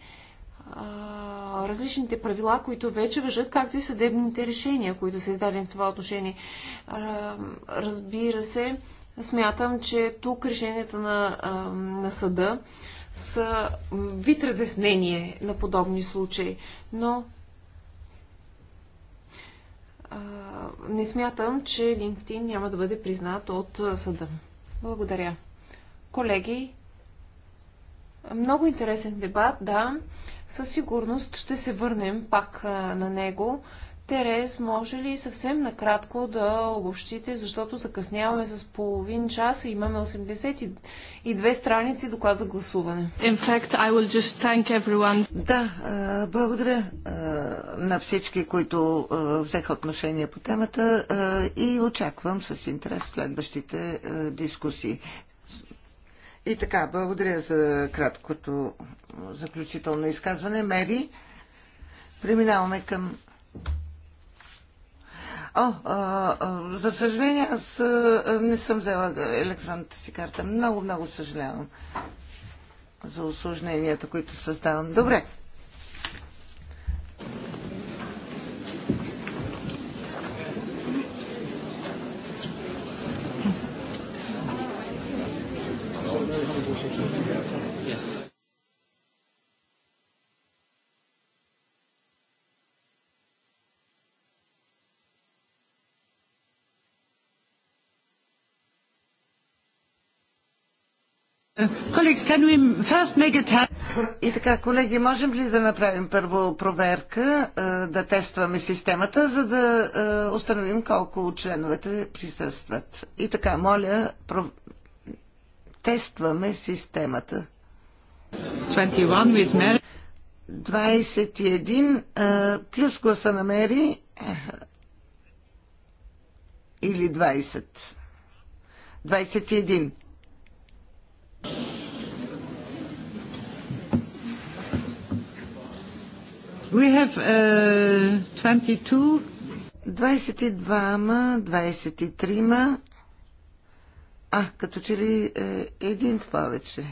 а, различните правила, които вече въжат, както и съдебните решения, които са издадени в това отношение. А, разбира се, смятам, че тук решенията на, на съда са вид разяснение на подобни случаи, но а, не смятам, че LinkedIn няма да бъде признат от съда. Благодаря. Колеги, много интересен дебат, да. Със сигурност ще се върнем пак на него. Терез, може ли съвсем накратко да обобщите, защото закъсняваме с половин час и имаме 82 страници доклад за гласуване? In fact, I will just thank everyone. Да, благодаря на всички, които взеха отношение по темата и очаквам с интерес следващите дискусии. И така, благодаря за краткото заключително изказване. Мери, преминаваме към О, а, а, за съжаление, аз а, не съм взела електронната си карта. Много, много съжалявам за осложненията, които създавам. Добре. Thank you. И така, колеги, можем ли да направим първо проверка, е, да тестваме системата, за да е, установим колко от членовете присъстват? И така, моля, тестваме системата. 21 е, плюс гласа на Мери или 20. 21. We have uh, 22. 22-ма, 23-ма. А, като че ли е, един в повече.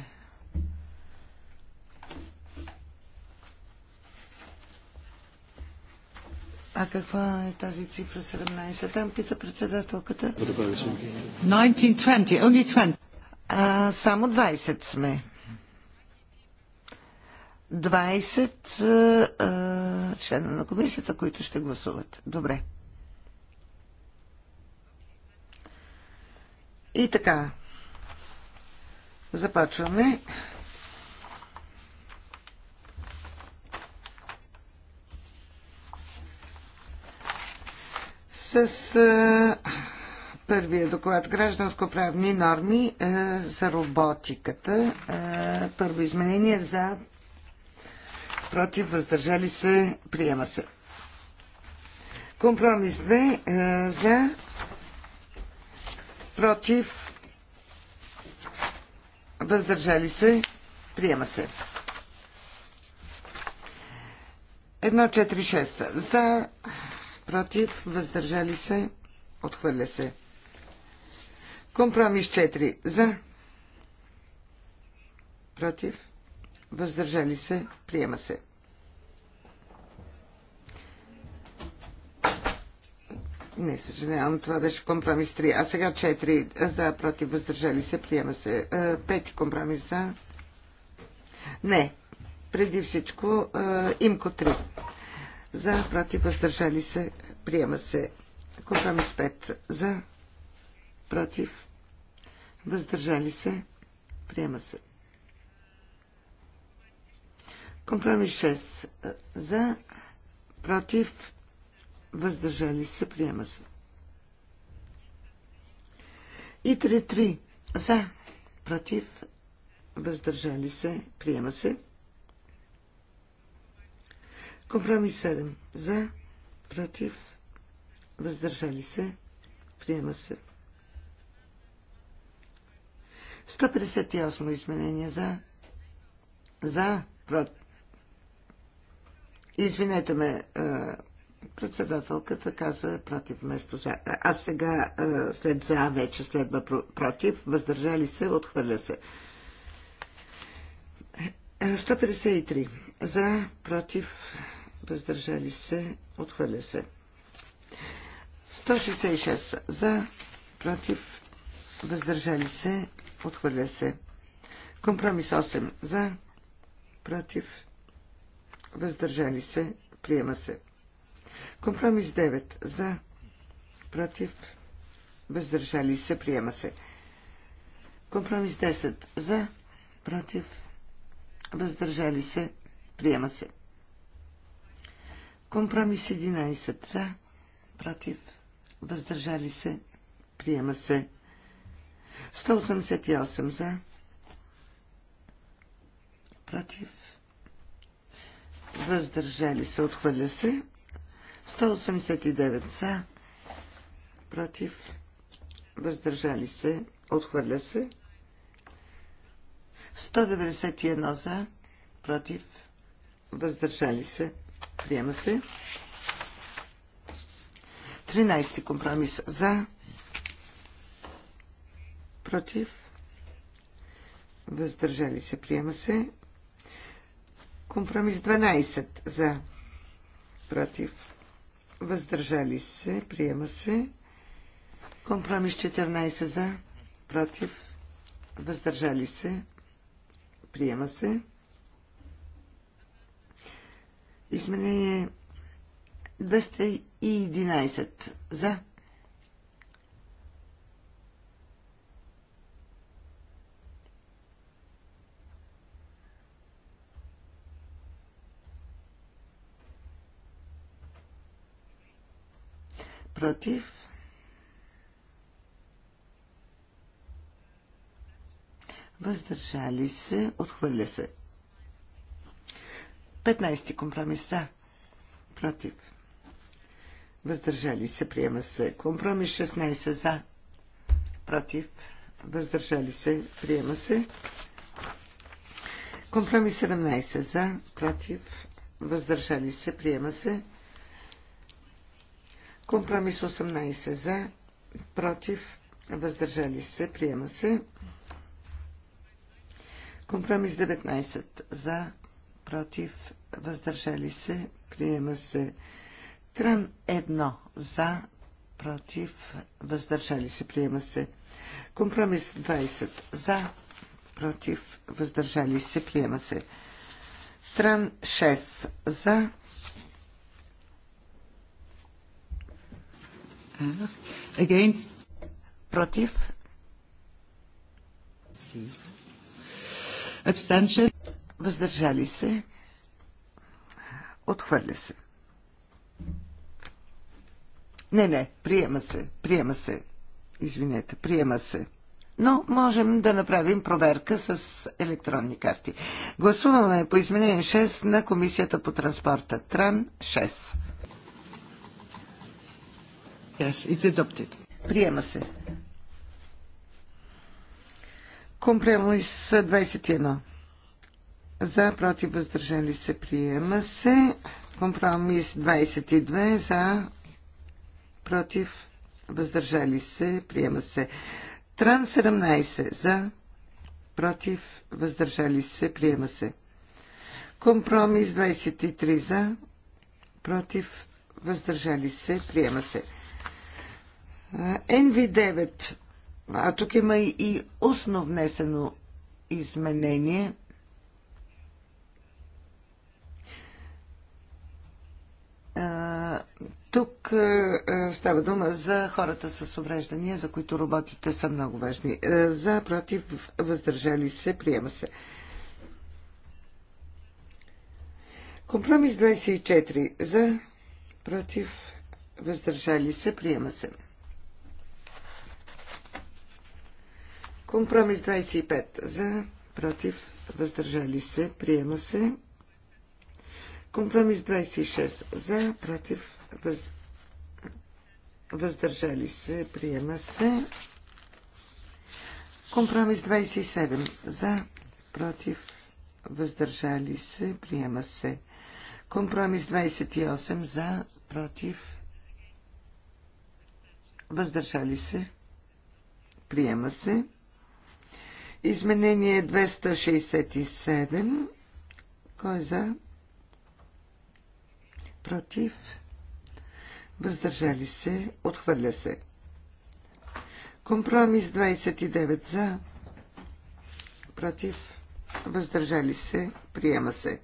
А каква е тази цифра 17? Там пита председателката. 19-20, only 20. А, само 20 сме. 20 члена на комисията, които ще гласуват. Добре. И така. Започваме. С а, първия доклад гражданско-правни норми а, за роботиката. А, първо изменение за против, въздържали се, приема се. Компромис 2 е, за, против, въздържали се, приема се. 1-4-6 за, против, въздържали се, отхвърля се. Компромис 4 за, против, въздържали се, приема се. Не, съжалявам, това беше компромис 3. А сега 4 за, против, въздържали се, приема се. Е, пети компромис за. Не, преди всичко е, имко 3. За, против, въздържали се, приема се. Компромис 5 за, против, въздържали се, приема се. Компромис 6. За, против, въздържали се, приема се. И 3-3. За, против, въздържали се, приема се. Компромис 7. За, против, въздържали се, приема се. 158 изменения за, за, против, Извинете ме, е, председателката каза против вместо за. А сега е, след за вече следва против, въздържали се, отхвърля се. 153. Е, за, против, въздържали се, отхвърля се. 166. За, против, въздържали се, отхвърля се. Компромис 8. За, против, въздържали се, приема се. Компромис 9 за, против, въздържали се, приема се. Компромис 10 за, против, въздържали се, приема се. Компромис 11 за, против, въздържали се, приема се. 188 за, против, въздържали се, отхвърля се. 189 са, против, въздържали се, отхвърля се. 191 за, против, въздържали се, приема се. 13 компромис за, против, въздържали се, приема се. Компромис 12 за. Против. Въздържали се. Приема се. Компромис 14 за. Против. Въздържали се. Приема се. Изменение 211 за. против, въздържали се, отхвърля се. 15 компромис за, против, въздържали се, приема се. Компромис 16 за, против, въздържали се, приема се. Компромис 17 за, против, въздържали се, приема се. Компромис 18 за, против, въздържали се, приема се. Компромис 19 за, против, въздържали се, приема се. Тран 1 за, против, въздържали се, приема се. Компромис 20 за, против, въздържали се, приема се. Тран 6 за, Е, against. Против. Abstention. Въздържали се. Отхвърля се. Не, не, приема се, приема се. Извинете, приема се. Но можем да направим проверка с електронни карти. Гласуваме по изменение 6 на Комисията по транспорта. Тран 6. Yes, it's adopted. Приема се. Компромис 21. За, против, въздържали се, приема се. Компромис 22. За, против, въздържали се, приема се. Тран 17. За, против, въздържали се, приема се. Компромис 23. За, против, въздържали се, приема се. NV9. А тук има и устно внесено изменение. Тук става дума за хората с увреждания, за които роботите са много важни. За, против, въздържали се, приема се. Компромис 24. За, против, въздържали се, приема се. Компромис 25 за, против, въздържали се, приема се. Компромис 26 за, против, въз... въздържали се, приема се. Компромис 27 за, против, въздържали се, приема се. Компромис 28 за, против, въздържали се, приема се. Изменение 267. Кой е за? Против? Въздържали се? Отхвърля се. Компромис 29 за. Против? Въздържали се? Приема се.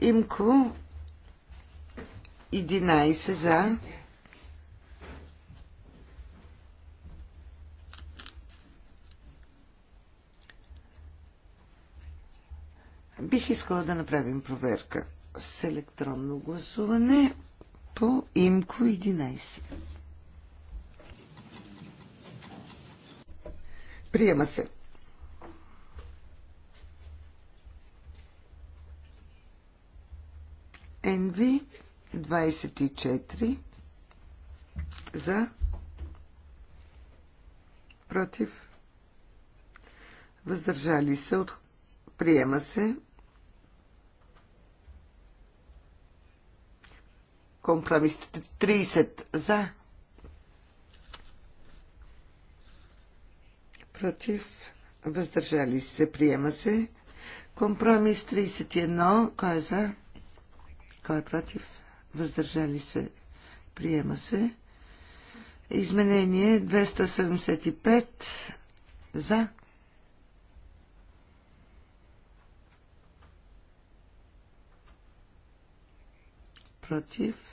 Имко 11 за Бих искала да направим проверка с електронно гласуване по имко 11. Приема се. НВ 24 за против въздържали се от приема се Компромис 30 за. Против. Въздържали се. Приема се. Компромис 31. Кой е за? Кой е против? Въздържали се. Приема се. Изменение 275 за. Против.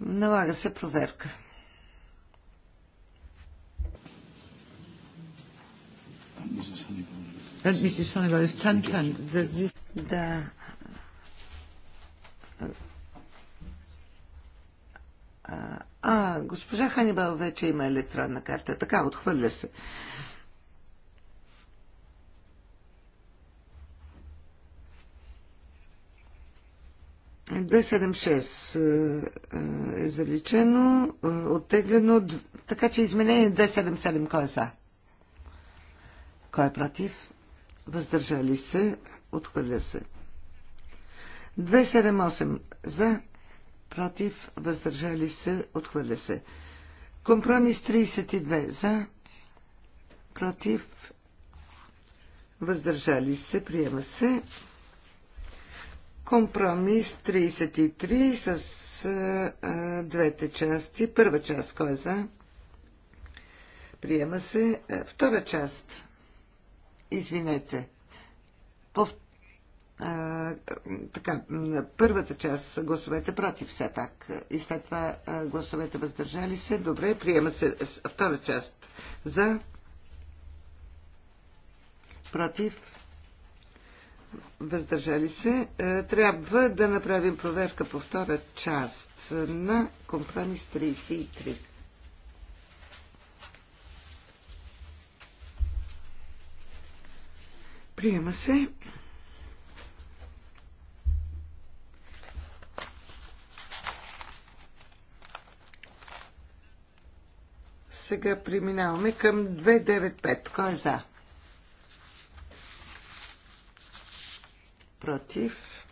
Налага се проверка. Uh, да. А, госпожа Ханибал вече има електронна карта. Така, отхвърля се. 276 е, е, е заличено, е, оттеглено, така че изменение 277. Кой е за? Кой е против? Въздържали се, отхвърля се. 278 за, против, въздържали се, отхвърля се. Компромис 32 за, против, въздържали се, приема се. Компромис 33 с а, двете части. Първа част, кой е за? Приема се. Втора част. Извинете. По, А, така, първата част гласовете против все пак. И след това а, гласовете въздържали се. Добре, приема се втора част. За. Против въздържали се, е, трябва да направим проверка по втора част на компромис 33. Приема се. Сега преминаваме към 295. Кой е за? против,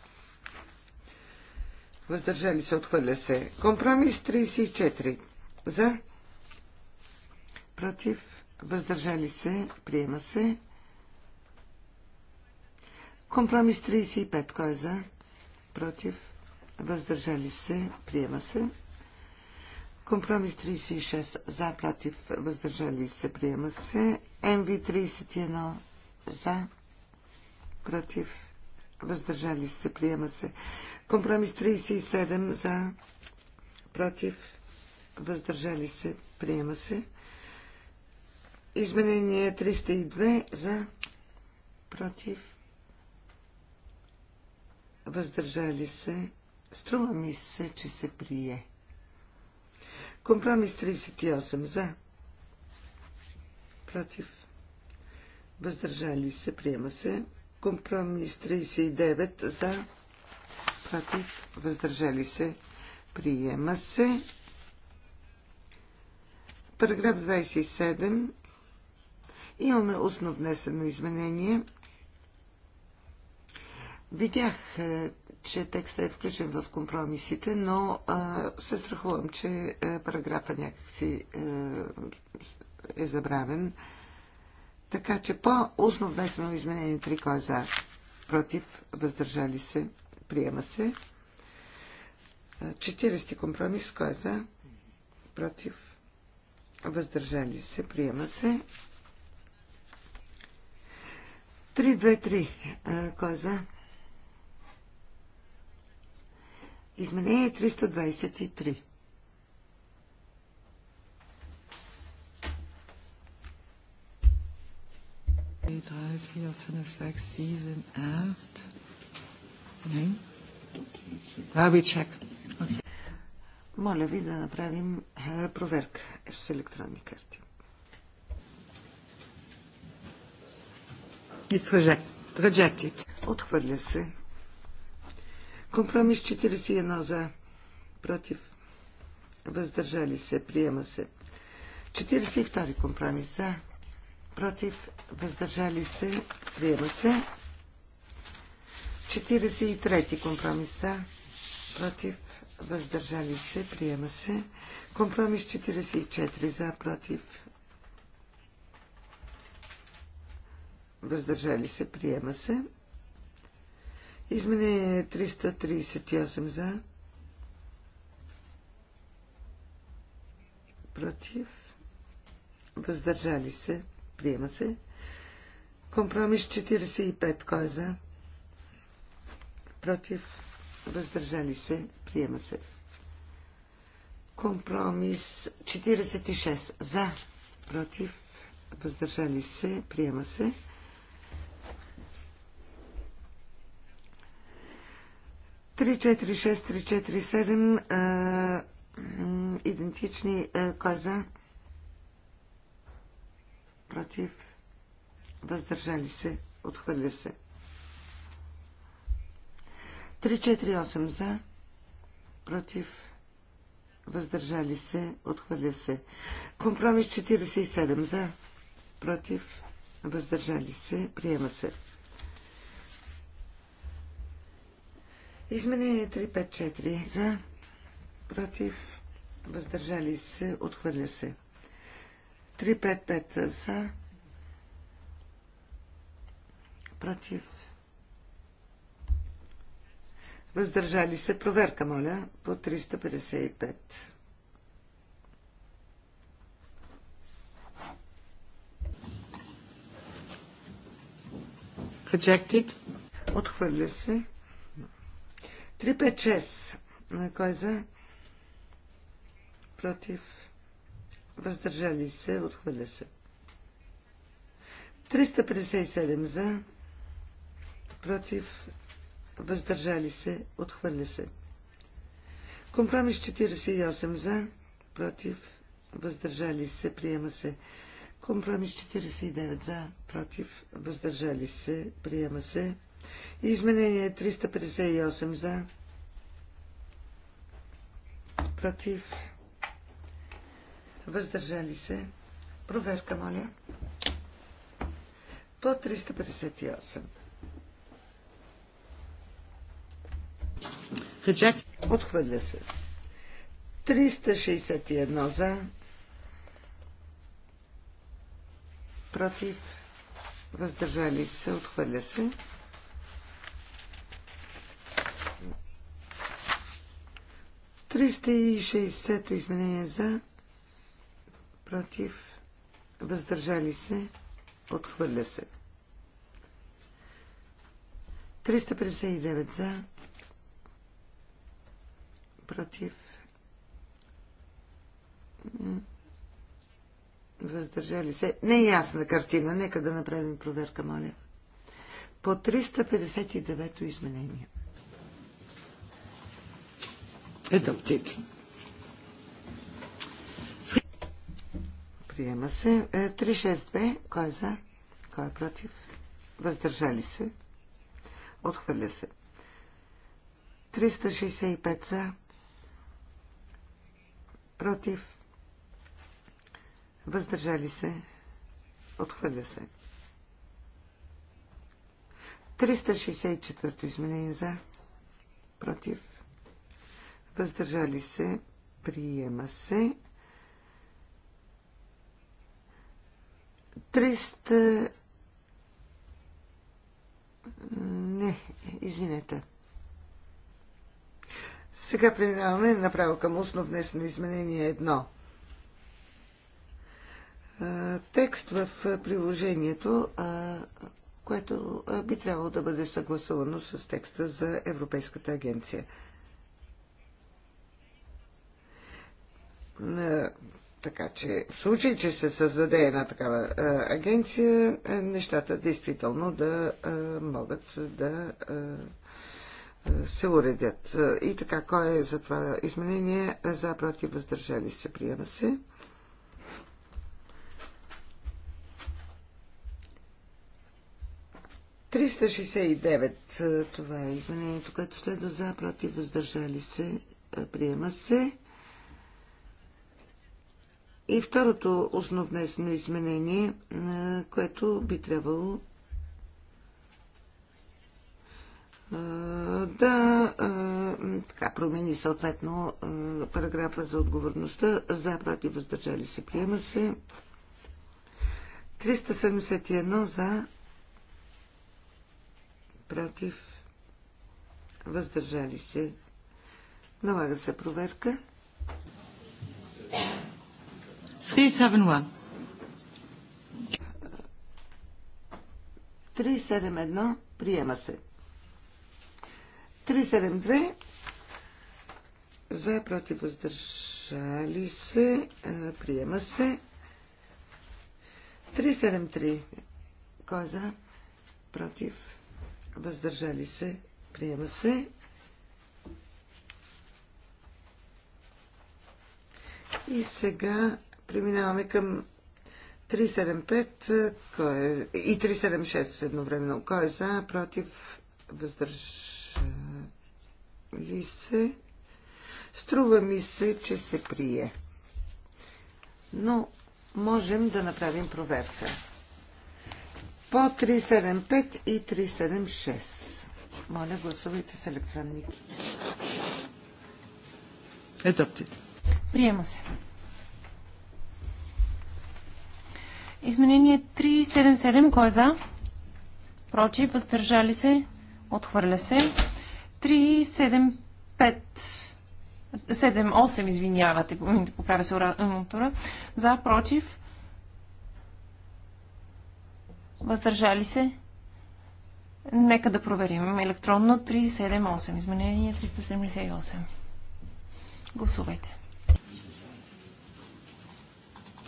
въздържали се, отхвърля се. Компромис 34 за, против, въздържали се, приема се. Компромис 35, кой е за, против, въздържали се, приема се. Компромис 36 за, против, въздържали се, приема се. МВ 31 за, против, въздържали се, приема се. Компромис 37 за, против, въздържали се, приема се. Изменение 302 за, против, въздържали се. Струва ми се, че се прие. Компромис 38 за, против, въздържали се, приема се. Компромис 39 за, против, въздържали се, приема се. Параграф 27. Имаме устно внесено изменение. Видях, е, че текстът е включен в компромисите, но а, се страхувам, че а, е, параграфа някакси а, е, е забравен. Така че по-устно внесено изменение 3, кой е за, против, въздържали се, приема се. 40 компромис, кой е за, против, въздържали се, приема се. 323, кой е за? Изменение 323. 3, 4, 5, 6, 7, 8. check. Okay. Моля ви да направим проверка с електронни карти. It's rejected. Отхвърля се. Компромис 41 за. Против. Въздържали се. Приема се. 42 компромис за против, въздържали се, приема се. 43 компромис за, против, въздържали се, приема се. Компромис 44 за, против, въздържали се, приема се. Изменение 338 за, против, въздържали се, Приема се. Компромис 45. Кой е за? Против. Въздържали се. Приема се. Компромис 46. За. Против. Въздържали се. Приема се. Три, четири, шест, три, четири, седем. Идентични. Кой е за? против, въздържали се, отхвърля се. 348 за, против, въздържали се, отхвърля се. Компромис 47 за, против, въздържали се, приема се. Изменение 354 за, против, въздържали се, отхвърля се. 355 за, против, въздържали се. Проверка, моля, по 355. Rejected. Отхвърля се. 356. Кой е за? Против въздържали се, отхвърля се. 357 за, против, въздържали се, отхвърля се. Компромис 48 за, против, въздържали се, приема се. Компромис 49 за, против, въздържали се, приема се. Изменение 358 за, против, въздържали се. Проверка, моля. По 358. Отхвърля се. 361 за. Против. Въздържали се. Отхвърля се. Триста и изменение за против, въздържали се, отхвърля се. 359 за, против, въздържали се. Не е ясна картина, нека да направим проверка, моля. По 359 изменение. Adopted. Приема се. 362. Е, Кой е за? Кой е против? Въздържали се. Отхвърля се. 365 за. Против. Въздържали се. Отхвърля се. 364 изменение за. Против. Въздържали се. Приема се. 300... Не, извинете. Сега преминаваме направо към устно внесено изменение едно. Текст в приложението, което би трябвало да бъде съгласувано с текста за Европейската агенция. Така че в случай, че се създаде една такава а, е, агенция, е, нещата действително да а, е, могат да а, се уредят. И така, кой е за това изменение? За, против, въздържали се, приема се. това е изменението, което следва за, против, въздържали се, приема се. И второто основнесно изменение, което би трябвало да така, промени съответно параграфа за отговорността за против въздържали се. Приема се 371 за против въздържали се. Налага се проверка. Thank you. 371. 371 приема се. 372 за против въздържали се е, приема се. 373 кой е за против въздържали се приема се. И сега Преминаваме към 375 кой е, и 376 едновременно. Кой е за, против, въздържали се? Струва ми се, че се прие. Но можем да направим проверка. По 375 и 376. Моля, гласувайте с електронни. Adopted. Приема се. Изменение 377. Кой е за? Против. Въздържали се. Отхвърля се. 375. 78, извинявате, поправя се оратора. За, против. Въздържали се. Нека да проверим. Електронно 378. Изменение 378. Гласувайте.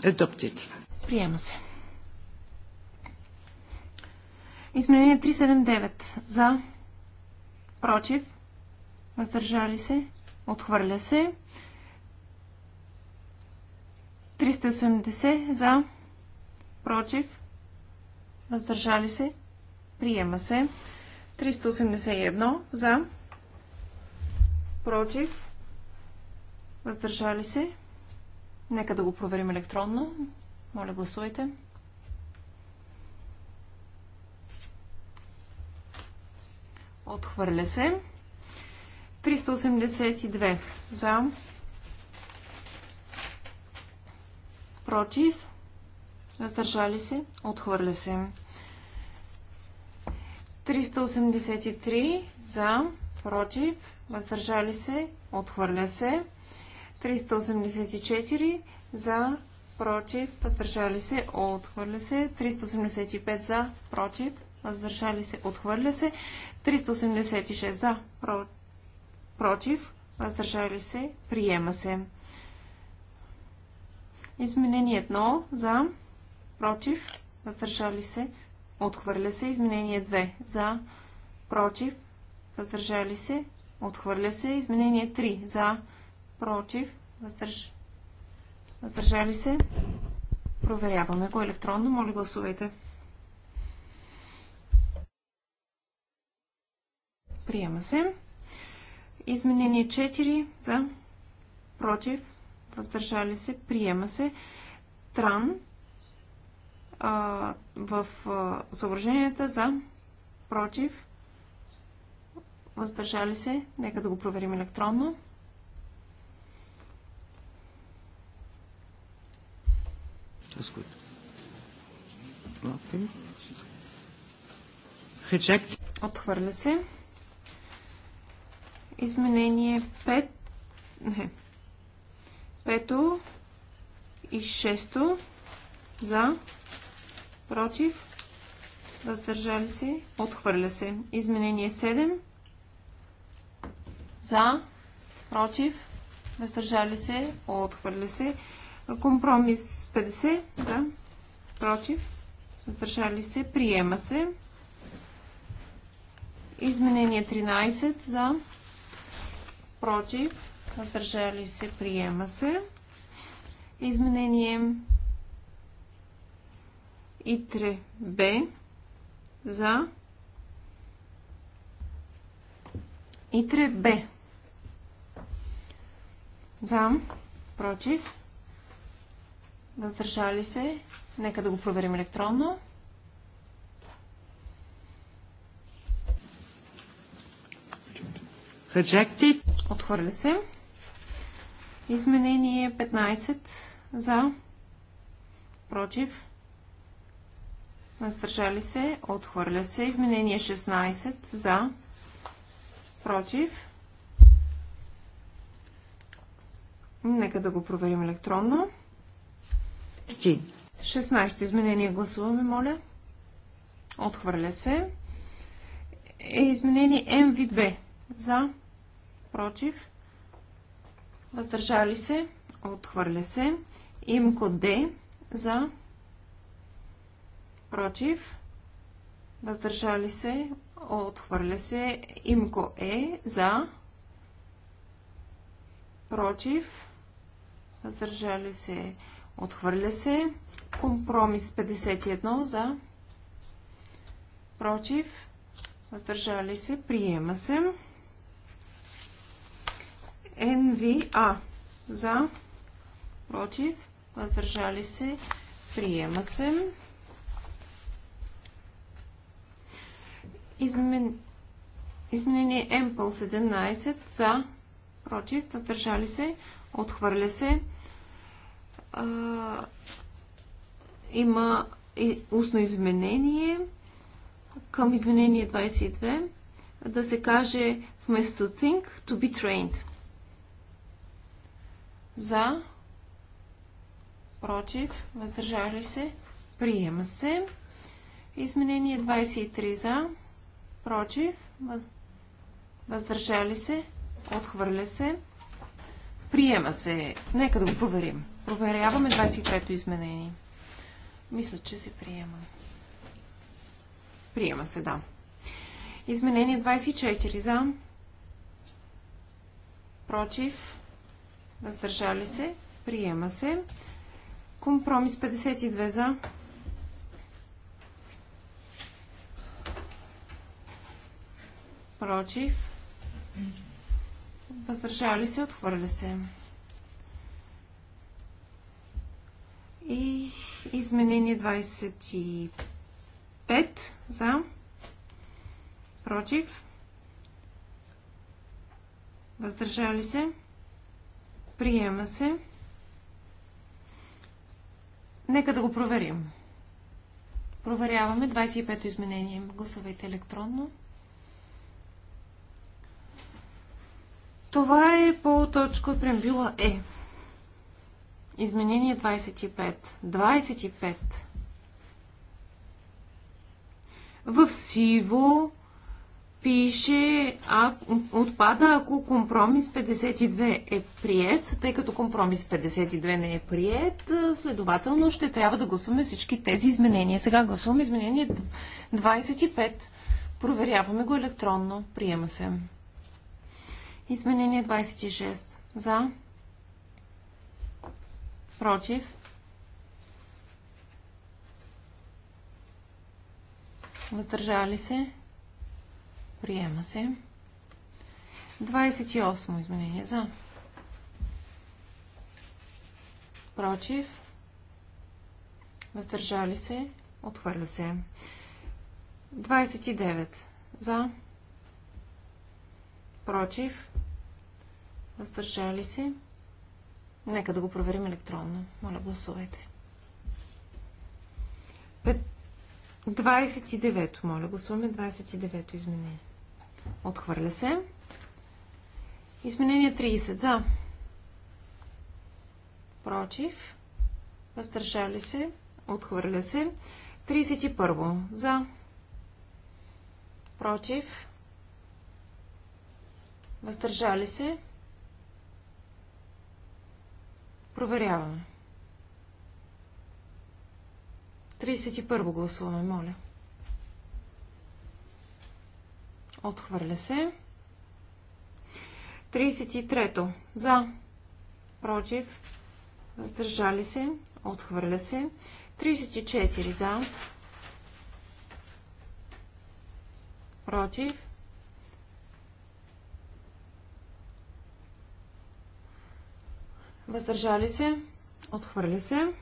Adopted. Приема се. Изменение 379. За. Против. Въздържали се. Отхвърля се. 380. За. Против. Въздържали се. Приема се. 381. За. Против. Въздържали се. Нека да го проверим електронно. Моля, гласувайте. Отхвърля се. 382 за. Против. Въздържали се. Отхвърля се. 383 за. Против. Въздържали се. Отхвърля се. 384 за против, въздържали се, отхвърля се. 385 за, против, въздържали се, отхвърля се. 386 за, про... против, въздържали се, приема се. Изменение 1 за, против, въздържали се, отхвърля се. Изменение 2 за, против, въздържали се, отхвърля се. Изменение 3 за, против, въздържали се. Въздържали се? Проверяваме го електронно. Моля, гласувайте. Приема се. Изменение 4 за против. Въздържали се. Приема се. Тран а, в а, съображенията за против. Въздържали се. Нека да го проверим електронно. Ist gut. Okay. Reject. Отхвърля се. Изменение 5. Не. Пето и шесто за против въздържали се отхвърля се. Изменение 7 за против въздържали се отхвърля се. Компромис 50 за, против, въздържали се, приема се. Изменение 13 за, против, въздържали се, приема се. Изменение ИТРЕ Б за ИТРЕ Б за против Въздържали се? Нека да го проверим електронно. Rejected. Отхвърля се. Изменение 15 за против. Въздържали се. Отхвърля се. Изменение 16 за против. Нека да го проверим електронно. 16 изменение гласуваме, моля. Отхвърля се. Е изменение МВБ. За. Против. Въздържали се. Отхвърля се. Имко Д. За. Против. Въздържали се. Отхвърля се. Имко Е. За. Против. Въздържали се. Отхвърля се. Компромис 51 за. Против. Въздържали се. Приема се. НВА за. Против. Въздържали се. Приема се. Измен... Изменение МПЛ 17 за. Против. Въздържали се. Отхвърля се а, има устно изменение към изменение 22 да се каже вместо think to be trained. За, против, въздържали се, приема се. Изменение 23 за, против, въздържали се, отхвърля се, приема се. Нека да го проверим. Проверяваме 23-то изменение. Мисля, че се приема. Приема се, да. Изменение 24 за. Против. Въздържали се. Приема се. Компромис 52 за. Против. Въздържали се. Отхвърля се. И изменение 25 за, против, въздържали се, приема се. Нека да го проверим. Проверяваме 25-то изменение. Гласувайте електронно. Това е по точка от преамбюла Е. Изменение 25. 25. В сиво пише, а, отпада ако компромис 52 е прият, тъй като компромис 52 не е прият, следователно ще трябва да гласуваме всички тези изменения. Сега гласуваме изменение 25. Проверяваме го електронно. Приема се. Изменение 26. За. Против. Въздържали се. Приема се. 28 изменение за. Против. Въздържали се. Отхвърля се. 29 за. Против. Въздържали се. Нека да го проверим електронно. Моля, гласувайте. 29-то, моля, гласуваме 29-то изменение. Отхвърля се. Изменение 30. За. Против. Въздържали се. Отхвърля се. 31. За. Против. Въздържали се. Проверяваме. 31 гласуваме, моля. Отхвърля се. 33 За. Против. Въздържали се. Отхвърля се. 34 за. Против. Въздържали се. Отхвърля се.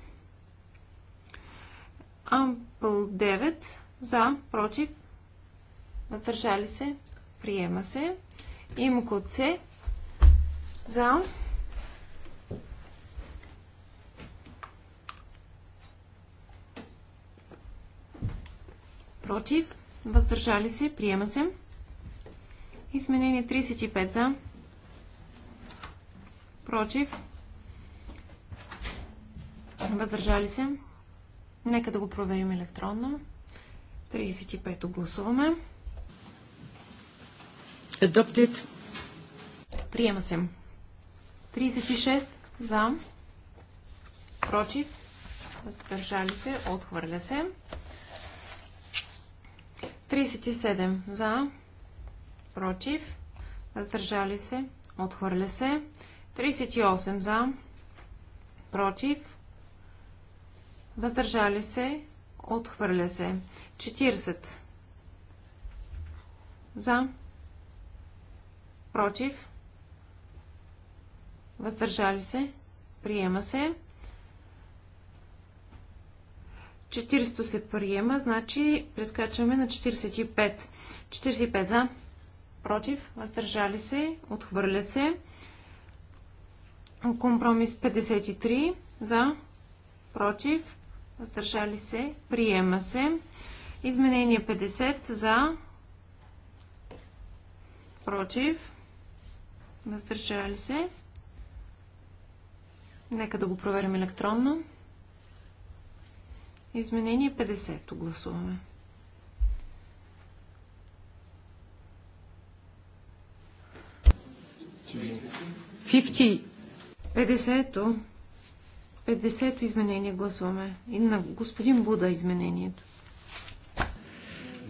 Ампъл 9. За. Против. Въздържали се. Приема се. Имко С. За. Против. Въздържали се. Приема се. Изменение 35 за. Против. Въздържали се? Нека да го проверим електронно. 35-то гласуваме. Adopted. Приема се. 36 за. Против. Въздържали се. Отхвърля се. 37 за. Против. Въздържали се. Отхвърля се. 38 за. Против Въздържали се. Отхвърля се. 40. За. Против. Въздържали се. Приема се. 400 се приема, значи прескачаме на 45. 45 за. Против. Въздържали се. Отхвърля се. Компромис 53 за. Против въздържали се, приема се. Изменение 50 за, против, въздържали се. Нека да го проверим електронно. Изменение 50 гласуваме. Fifty. 50-то. 50-то изменение гласуваме. И на господин Буда изменението.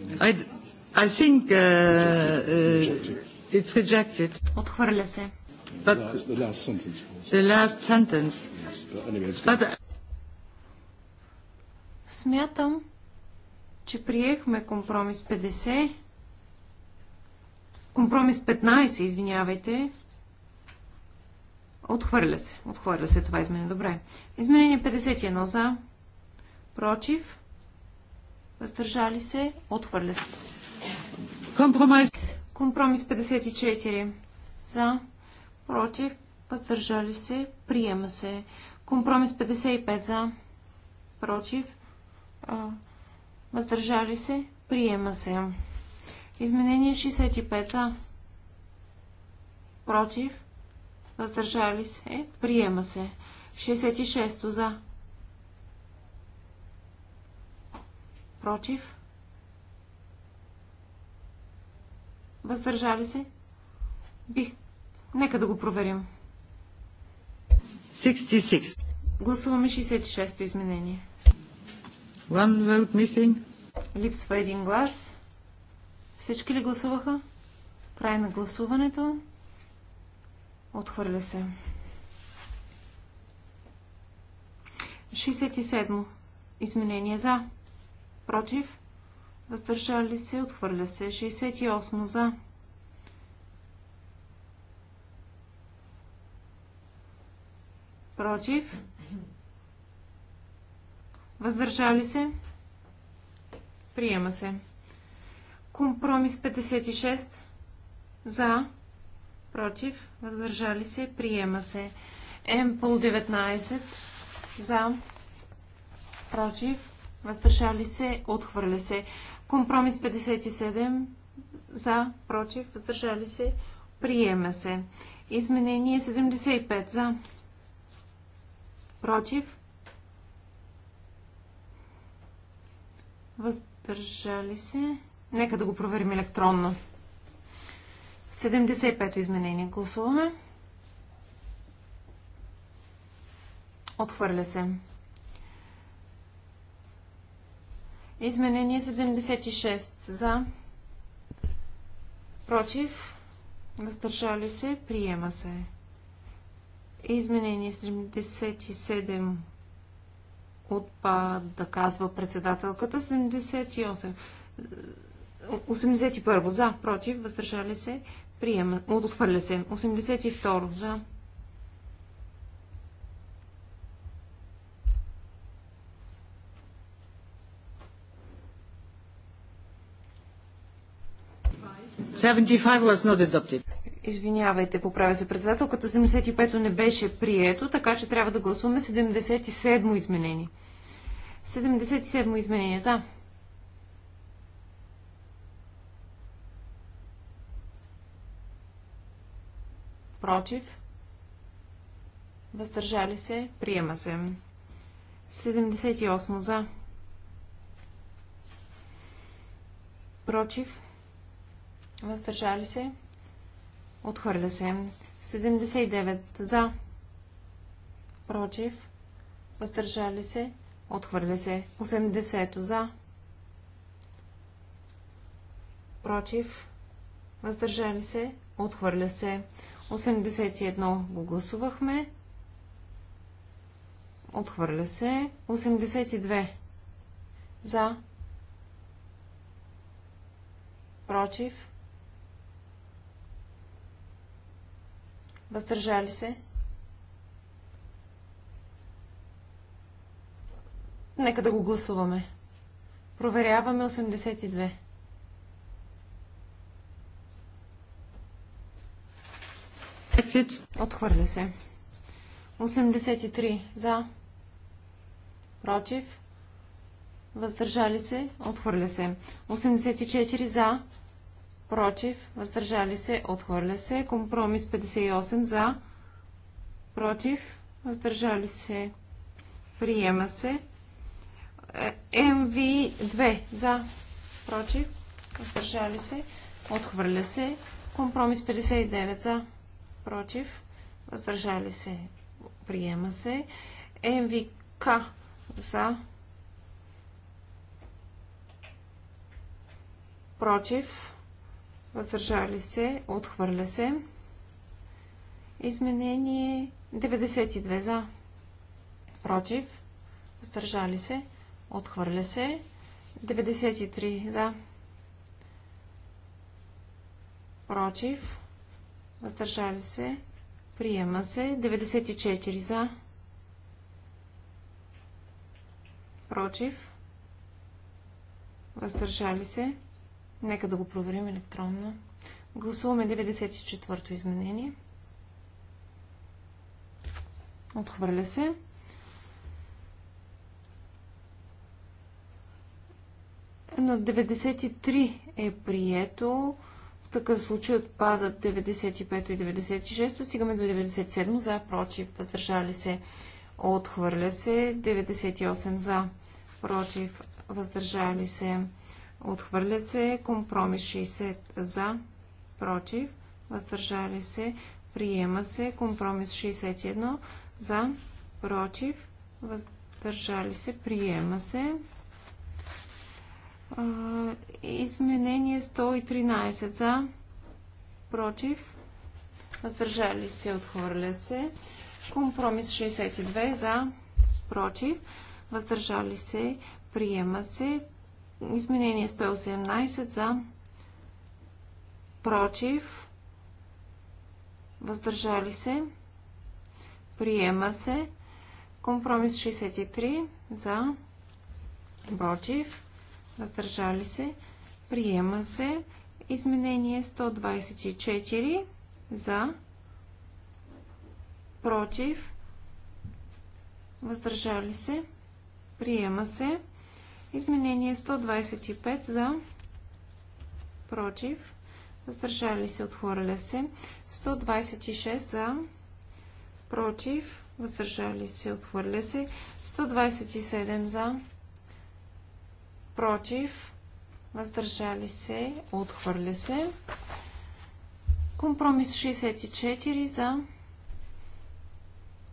I, I think uh, uh, it's rejected. Отхвърля се. But the last sentence. The last sentence. But... Uh, Смятам, че приехме компромис 50. Компромис 15, извинявайте. Отхвърля се. Отхвърля се. Това изменение. Добре. Изменение 51 за. Против. Въздържали се. Отхвърля се. Компромис. Компромис 54. За. Против. Въздържали се. Приема се. Компромис 55 за. Против. Въздържали се. Приема се. Изменение 65 за. Против въздържали се, приема се. 66 за, против, въздържали се, бих. Нека да го проверим. 66. Гласуваме 66-то изменение. One vote missing. Липсва един глас. Всички ли гласуваха? Край на гласуването. Отхвърля се. 67. Изменение за. Против. Въздържали се. Отхвърля се. 68. За. Против. Въздържали се. Приема се. Компромис 56. За против, въздържали се, приема се. МПЛ 19 за, против, въздържали се, отхвърля се. Компромис 57 за, против, въздържали се, приема се. Изменение 75 за, против, въздържали се. Нека да го проверим електронно. 75-то изменение гласуваме. Отхвърля се. Изменение 76 за. Против. Въздържали се. Приема се. Изменение 77 отпада, казва председателката. 78 81 за, против, въздържали се, приема, отхвърля се. 82 за. Извинявайте, поправя се председателката. 75-то не беше прието, така че трябва да гласуваме 77-мо изменение. 77-мо изменение за. против, въздържали се, приема се. 78 за, против, въздържали се, отхвърля се. 79 за, против, въздържали се, отхвърля се. 80 за, против, въздържали се, отхвърля се. 81 го гласувахме. Отхвърля се. 82 за. Против. Въздържали се. Нека да го гласуваме. Проверяваме 82. Отхвърля се. 83 за. Против. Въздържали се. Отхвърля се. 84 за. Против. Въздържали се. Отхвърля се. Компромис 58 за. Против. Въздържали се. Приема се. Е, МВ2 за. Против. Въздържали се. Отхвърля се. Компромис 59 за против, въздържали се, приема се. МВК за, против, въздържали се, отхвърля се. Изменение 92 за, против, въздържали се, отхвърля се. 93 за, против, въздържали се, приема се. 94 за, против, въздържали се. Нека да го проверим електронно. Гласуваме 94-то изменение. Отхвърля се. На 93 е прието. В такъв случай отпадат 95 и 96. Стигаме до 97 за, против, въздържали се. Отхвърля се 98 за, против, въздържали се. Отхвърля се компромис 60 за, против, въздържали се. Приема се компромис 61 за, против, въздържали се. Приема се. Изменение 113 за, против, въздържали се, отхвърля се. Компромис 62 за, против, въздържали се, приема се. Изменение 118 за, против, въздържали се, приема се. Компромис 63 за, против, въздържали се, приема се. Изменение 124 за, против, въздържали се, приема се. Изменение 125 за, против, въздържали се, отхвърля се. 126 за, против, въздържали се, отхвърля се. 127 за, против, против, въздържали се, отхвърля се. Компромис 64 за,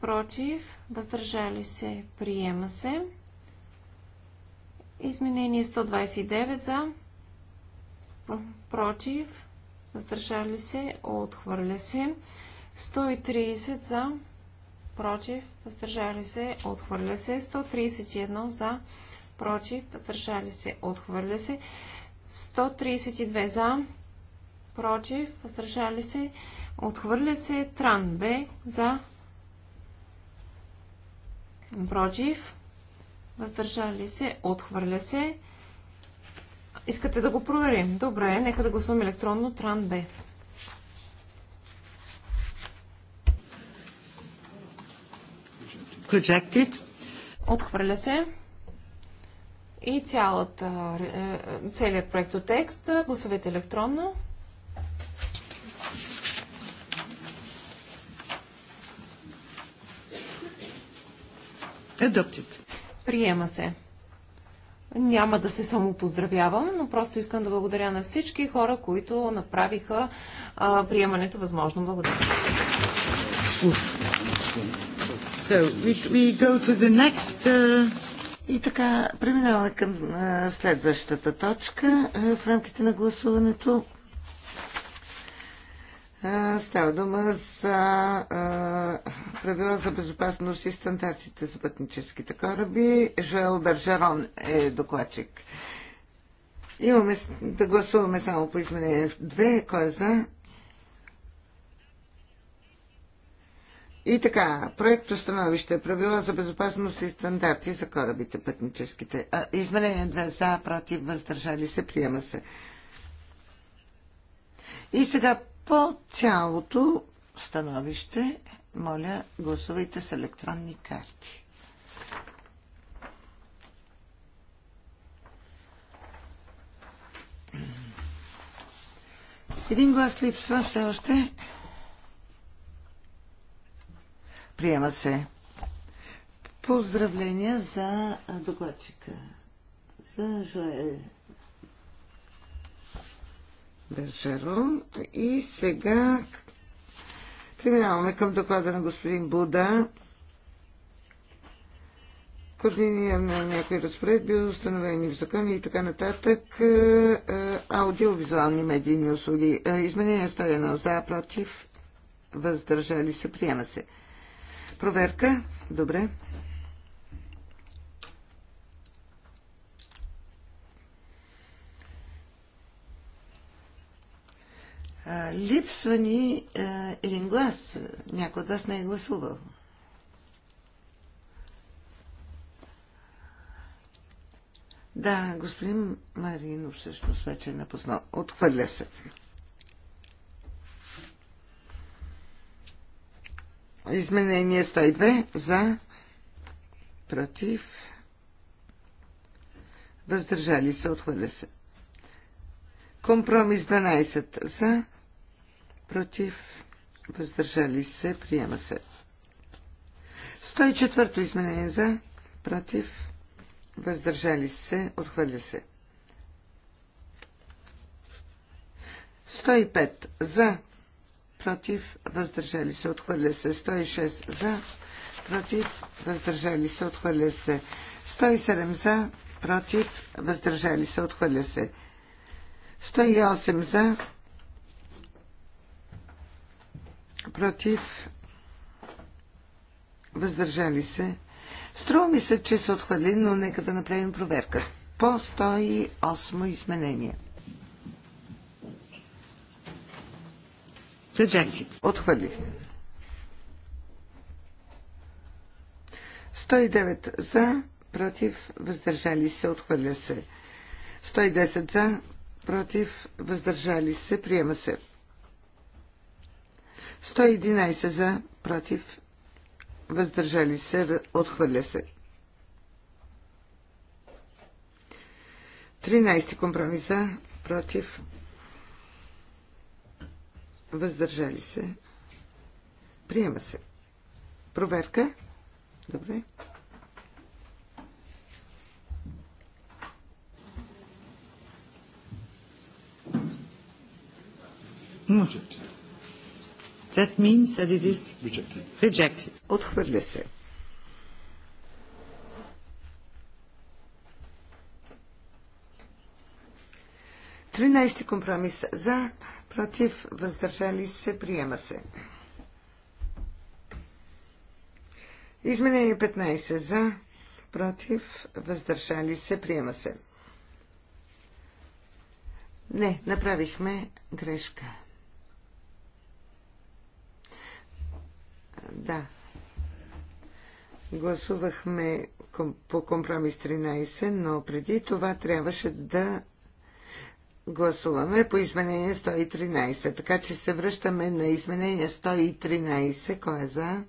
против, въздържали се, приема се. Изменение 129 за, против, въздържали се, отхвърля се. 130 за, против, въздържали се, отхвърля се. 131 за, против, против, въздържали се, отхвърля се. 132 за, против, въздържали се, отхвърля се. Тран Б за, против, въздържали се, отхвърля се. Искате да го проверим? Добре, нека да гласувам електронно Тран Б. Отхвърля се и цялата, е, е, целият текст. Гласовете електронно. Adopted. Приема се. Няма да се самопоздравявам, но просто искам да благодаря на всички хора, които направиха а, приемането възможно. Благодаря. So, we, we go to the next, uh... И така, преминаваме към следващата точка в рамките на гласуването. Става дума за правила за безопасност и стандартите за пътническите кораби. Жоел Бержерон е докладчик. Имаме да гласуваме само по изменение две. Кой е за? И така, проекто становище, правила за безопасност и стандарти за корабите пътническите. А, изменение 2 за, против, въздържали се, приема се. И сега по цялото становище, моля, гласувайте с електронни карти. Един глас липсва все още. Приема се. Поздравления за докладчика. За Жоел Бержерон. И сега преминаваме към доклада на господин Буда. Координиране на някои разпоредби, установени в закони и така нататък. Е, аудиовизуални медийни услуги. Е, изменение 101 за, против, въздържали се, приема се. Проверка. Добре. Липсва ни един глас. Някой от вас не е гласувал. Да, господин Маринов всъщност вече е напознал. Отхвърля се. Изменение 102 за, против, въздържали се, отхвърля се. Компромис 12 за, против, въздържали се, приема се. 104 изменение за, против, въздържали се, отхвърля се. 105 за, против, въздържали се, отхвърля се. 106 за, против, въздържали се, отхвърля се. 107 за, против, въздържали се, отхвърля се. 108 за, против, въздържали се. Струва ми се, че се отхвърли, но нека да направим проверка. По 108 изменение. Rejected. Отхвърли. 109 за, против, въздържали се, отхвърля се. 110 за, против, въздържали се, приема се. 111 за, против, въздържали се, отхвърля се. 13 компромиса, против, Въздържали се. Приема се. Проверка. Добре. Можете. That means that it is rejected. rejected. Отхвърля се. Тринайсти компромис за против, въздържали се, приема се. Изменение 15 за, против, въздържали се, приема се. Не, направихме грешка. Да. Гласувахме по компромис 13, но преди това трябваше да гласуваме по изменение 113. Така че се връщаме на изменение 113. Кой е за?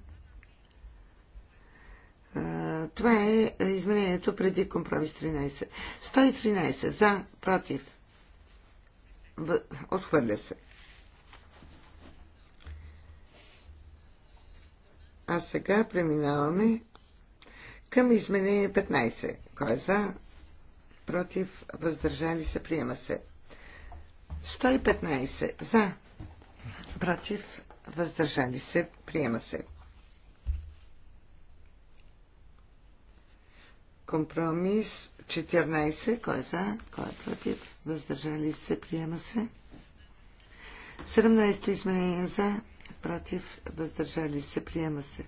Това е изменението преди компромис 13. 113. За, против. Отхвърля се. А сега преминаваме към изменение 15. Кой е за? Против. Въздържали се. Приема се. 115 за, против, въздържали се, приема се. Компромис 14, кой е за, кой е против, въздържали се, приема се. 17 изменение за, против, въздържали се, приема се.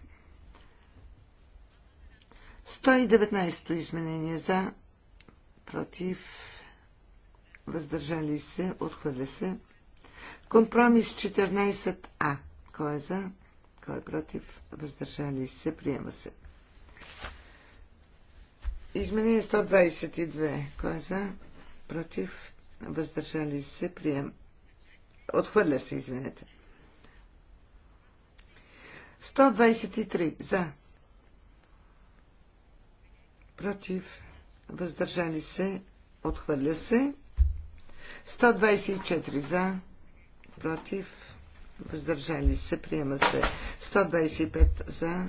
119 изменение за, против, въздържали се, отхвърля се. Компромис 14А. Кой е за? Кой е против? Въздържали се, приема се. Изменение 122. Кой е за? Против? Въздържали се, приема. Отхвърля се, извинете. 123. За. Против. Въздържали се. Отхвърля се. 124 за, против, въздържали се, приема се. 125 за,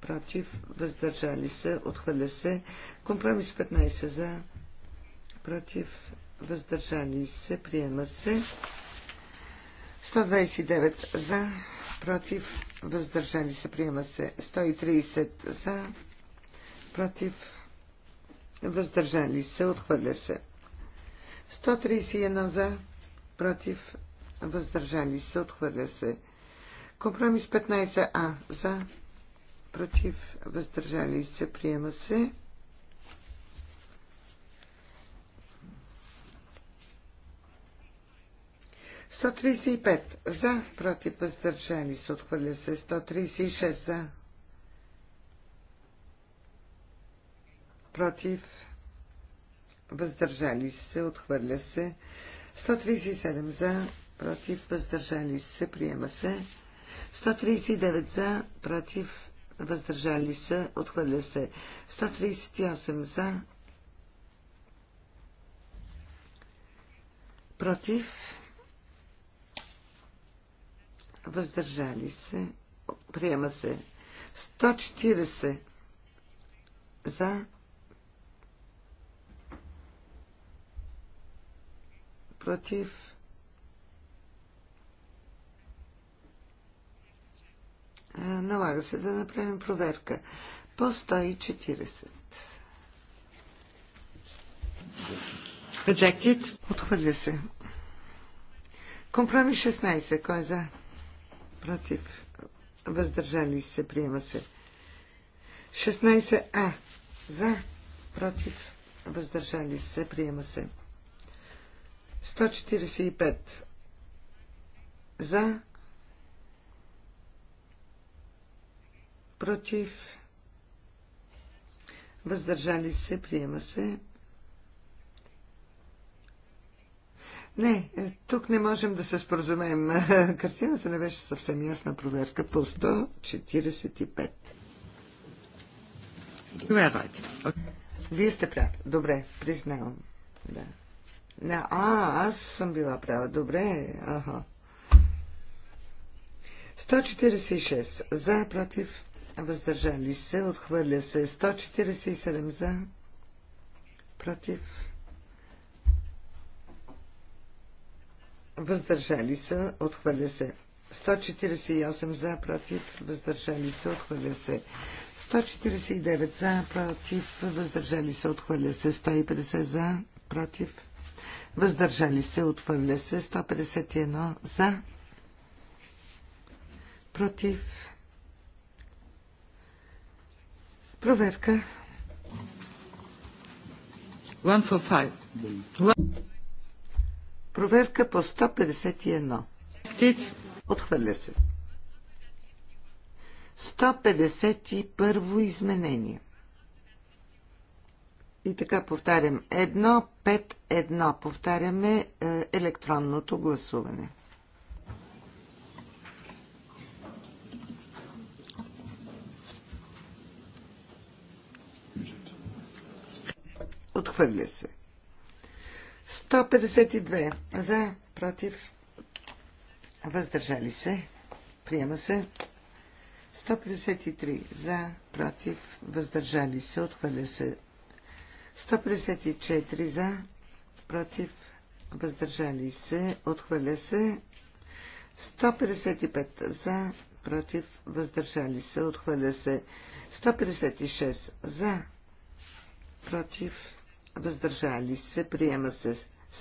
против, въздържали се, отхвърля се. Компромис 15 за, против, въздържали се, приема се. 129 за, против, въздържали се, приема се. 130 за, против, въздържали се, отхвърля се. 131 за, против, въздържали се, отхвърля се. Компромис 15а за, против, въздържали се, приема се. Сто за, против, въздържали се, отхвърля се. 136 за, против, въздържали се, отхвърля се. 137 за, против, въздържали се, приема се. 139 за, против, въздържали се, отхвърля се. 138 за, против, въздържали се, приема се. 140 за, против. Налага се да направим проверка по 140. Rejected. Отхвърля се. Компромис 16. Кой е за? Против. Въздържали се. Приема се. 16А. За. Против. Въздържали се. Приема се. 145 за, против, въздържали се, приема се. Не, е, тук не можем да се споразумеем. Картината не беше съвсем ясна проверка по 145. Вие сте прави. Добре, признавам. Да. А, аз съм била права. Добре. Аха. 146 за, против, въздържали се, отхвърля се. 147 за, против, въздържали се, отхвърля се. 148 за, против, въздържали се, отхвърля се. 149 за, против, въздържали се, отхвърля се. 150 за, против, въздържали се, отхвърля се 151 за, против. Проверка. One for five. One. Проверка по 151. Отхвърля се. 151 изменение. И така повтарям. Едно, 5 1 Повтаряме е, електронното гласуване. Отхвърля се. 152. За, против, въздържали се. Приема се. 153. За, против, въздържали се. Отхвърля се. 154 за, против, въздържали се, отхвърля се. 155 за, против, въздържали се, отхвърля се. 156 за, против, въздържали се, приема се.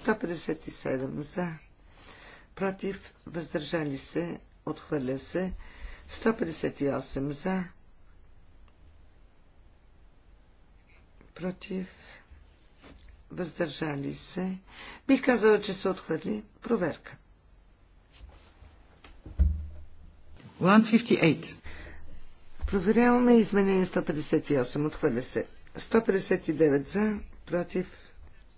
157 за, против, въздържали се, отхвърля се. 158 за, против, въздържали се. Бих казала, че се отхвърли. Проверка. 158. Проверяваме изменение 158. Отхвърля се. 159 за, против,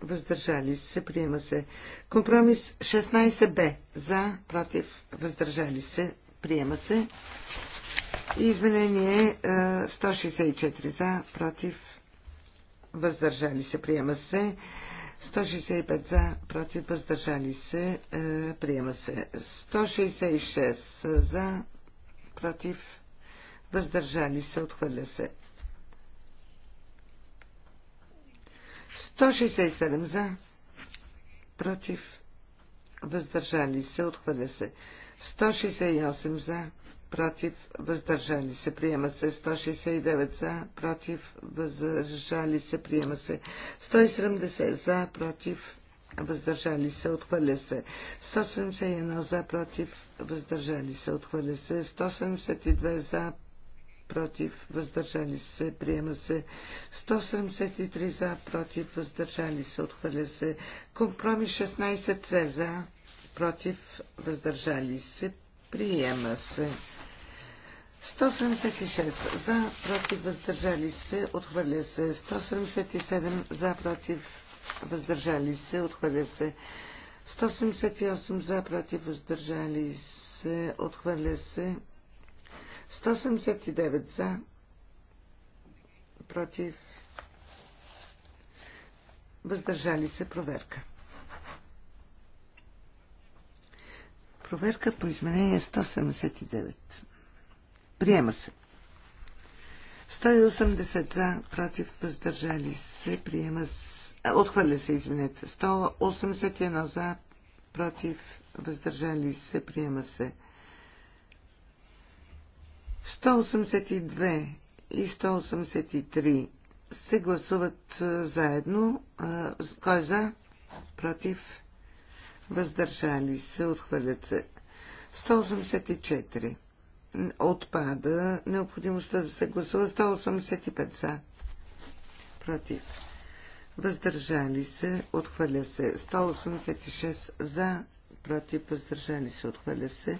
въздържали се. Приема се. Компромис 16б. За, против, въздържали се. Приема се. Изменение 164 е, за, против, въздържали се, приема се. 165 за, против, въздържали се, е, приема се. 166 за, против, въздържали се, отхвърля се. 167 за, против, въздържали се, отхвърля се. 168 за, против, въздържали се, приема се. 169 за, против, въздържали се, приема се. 170 за, против, въздържали се, отхвърля се. 171 за, против, въздържали се, отхвърля се. 172 за, против, въздържали се, приема се. 173 за, против, въздържали се, отхвърля се. Компромис 16 за, против, въздържали се, приема се. 176 за, против, въздържали се, отхвърля се. 177 за, против, въздържали се, отхвърля се. 178 за, против, въздържали се, отхвърля се. 179 за, против, въздържали се, проверка. Проверка по изменение 179. Приема се. 180 за, против, въздържали се, приема с... Отхвърля се, извинете. 181 за, против, въздържали се, приема се. 182 и 183 се гласуват заедно. Кой е за? Против, въздържали се, отхвърлят се. 184 отпада необходимостта да се гласува 185 за. Против. Въздържали се, отхвърля се. 186 за, против, въздържали се, отхвърля се.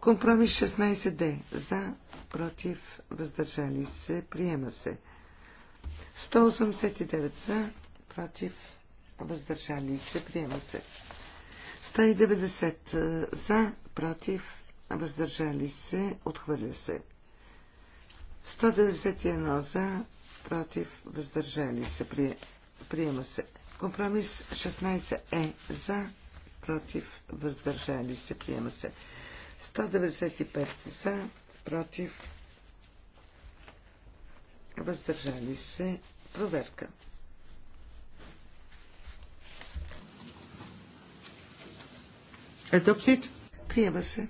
Компромис 16D за, против, въздържали се, приема се. 189 за, против, въздържали се, приема се. 190 е, за, против, въздържали се, отхвърля се. 191 за, против, въздържали се, при, приема се. Компромис 16 е за, против, въздържали се, приема се. 195 за, против, въздържали се, проверка. Adopted. Приема се.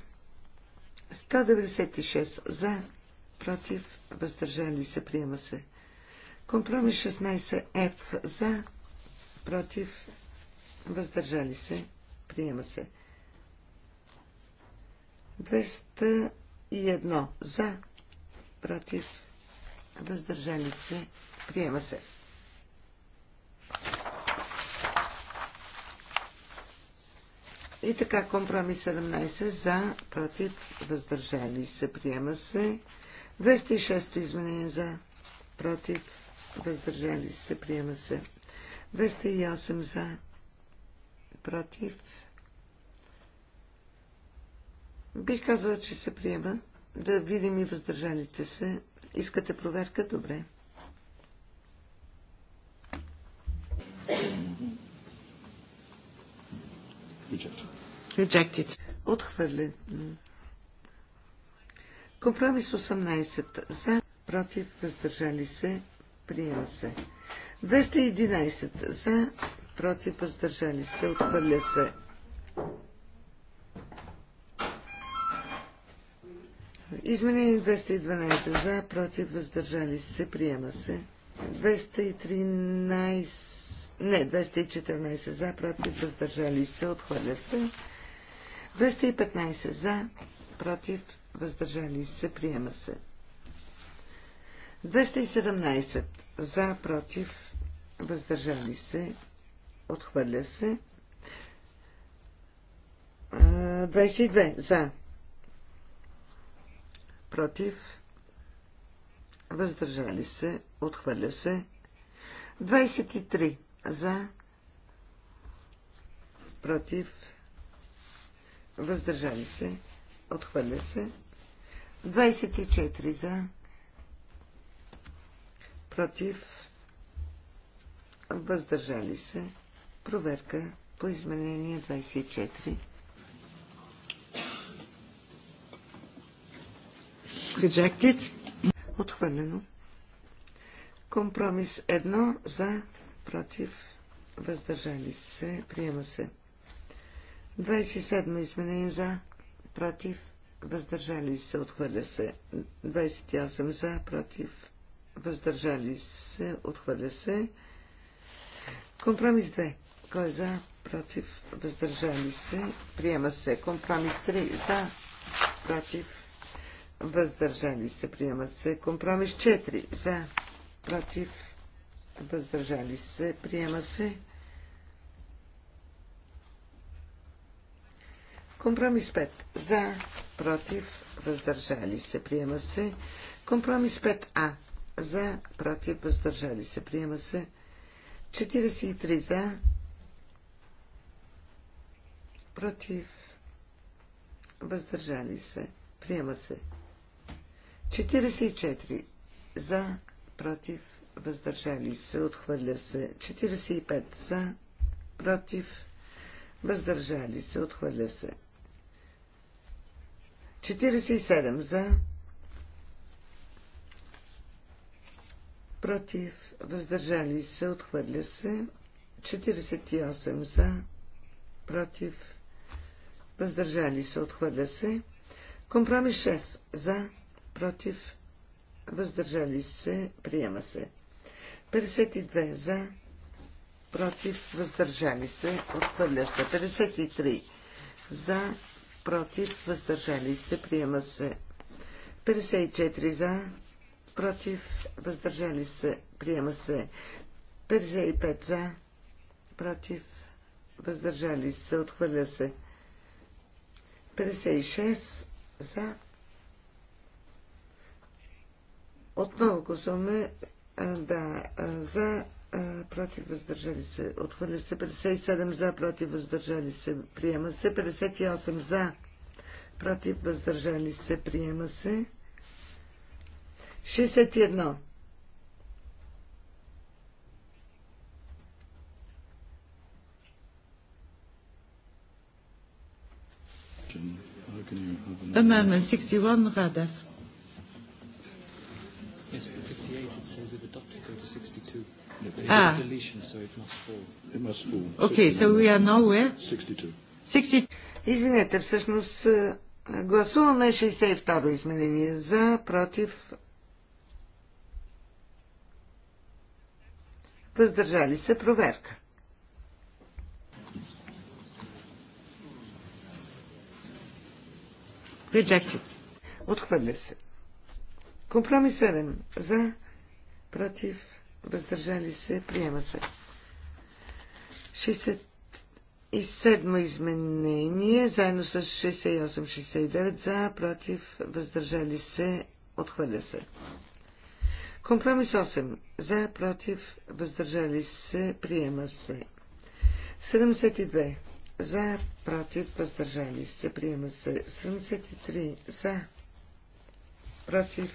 196 за, против, въздържали се, приема се. Компромис 16 F за, против, въздържали се, приема се. 201 за, против, въздържали се, приема се. И така, компромис 17 за, против, въздържали се, приема се. 206 изменение за, против, въздържали се, приема се. 208 за, против. Бих казала, че се приема. Да видим и въздържалите се. Искате проверка? Добре. 206. Rejected. Rejected. Отхвърлен. Компромис 18. За, против, въздържали се, приема се. 211. За, против, въздържали се, отхвърля се. Изменение 212. За, против, въздържали се, приема се. 213 не, 214 за, против, въздържали се, отхвърля се. 215 за, против, въздържали се, приема се. 217 за, против, въздържали се, отхвърля се. 22 за, против, въздържали се, отхвърля се. 23 за, против, въздържали се, отхвърля се. 24 за, против, въздържали се. Проверка по изменение 24. Отхвърлено. Компромис 1 за против, въздържали се, приема се. 27 изменение за, против, въздържали се, отхвърля се. 28 за, против, въздържали се, отхвърля се. Компромис 2. Кой е за, против, въздържали се, приема се. Компромис 3 за, против, въздържали се, приема се. Компромис 4 за, против, въздържали се, приема се. Компромис 5. За, против, въздържали се, приема се. Компромис 5А. За, против, въздържали се, приема се. 43 за, против, въздържали се, приема се. 44 за, против, въздържали се, отхвърля се 45 за, против, въздържали се, отхвърля се 47 за, против, въздържали се, отхвърля се 48 за, против, въздържали се, отхвърля се компромис 6 за, против, въздържали се, приема се 52 за, против, въздържали се, отхвърля се. 53 за, против, въздържали се, приема се. 54 за, против, въздържали се, приема се. 55 за, против, въздържали се, отхвърля се. 56 за. Отново гласуваме да, за, против, въздържали се, отхвърля се 57 за, против, въздържали се, приема се 58 за, против, въздържали се, приема се 61. Amendment 61, Radev. we've adopted go to 62. Ah. Deletion, so it must fall. It must fall. Okay, so we are now where? 62. 60... Извинете, всъщност е, гласуваме 62-ро изменение. За, против, въздържали се проверка. Rejected. Отхвърля се. Компромис 7. За, против, въздържали се, приема се. 67 изменение, заедно с 68-69 за, против, въздържали се, отхвърля се. Компромис 8. За, против, въздържали се, приема се. 72. За, против, въздържали се, приема се. 73. За, против,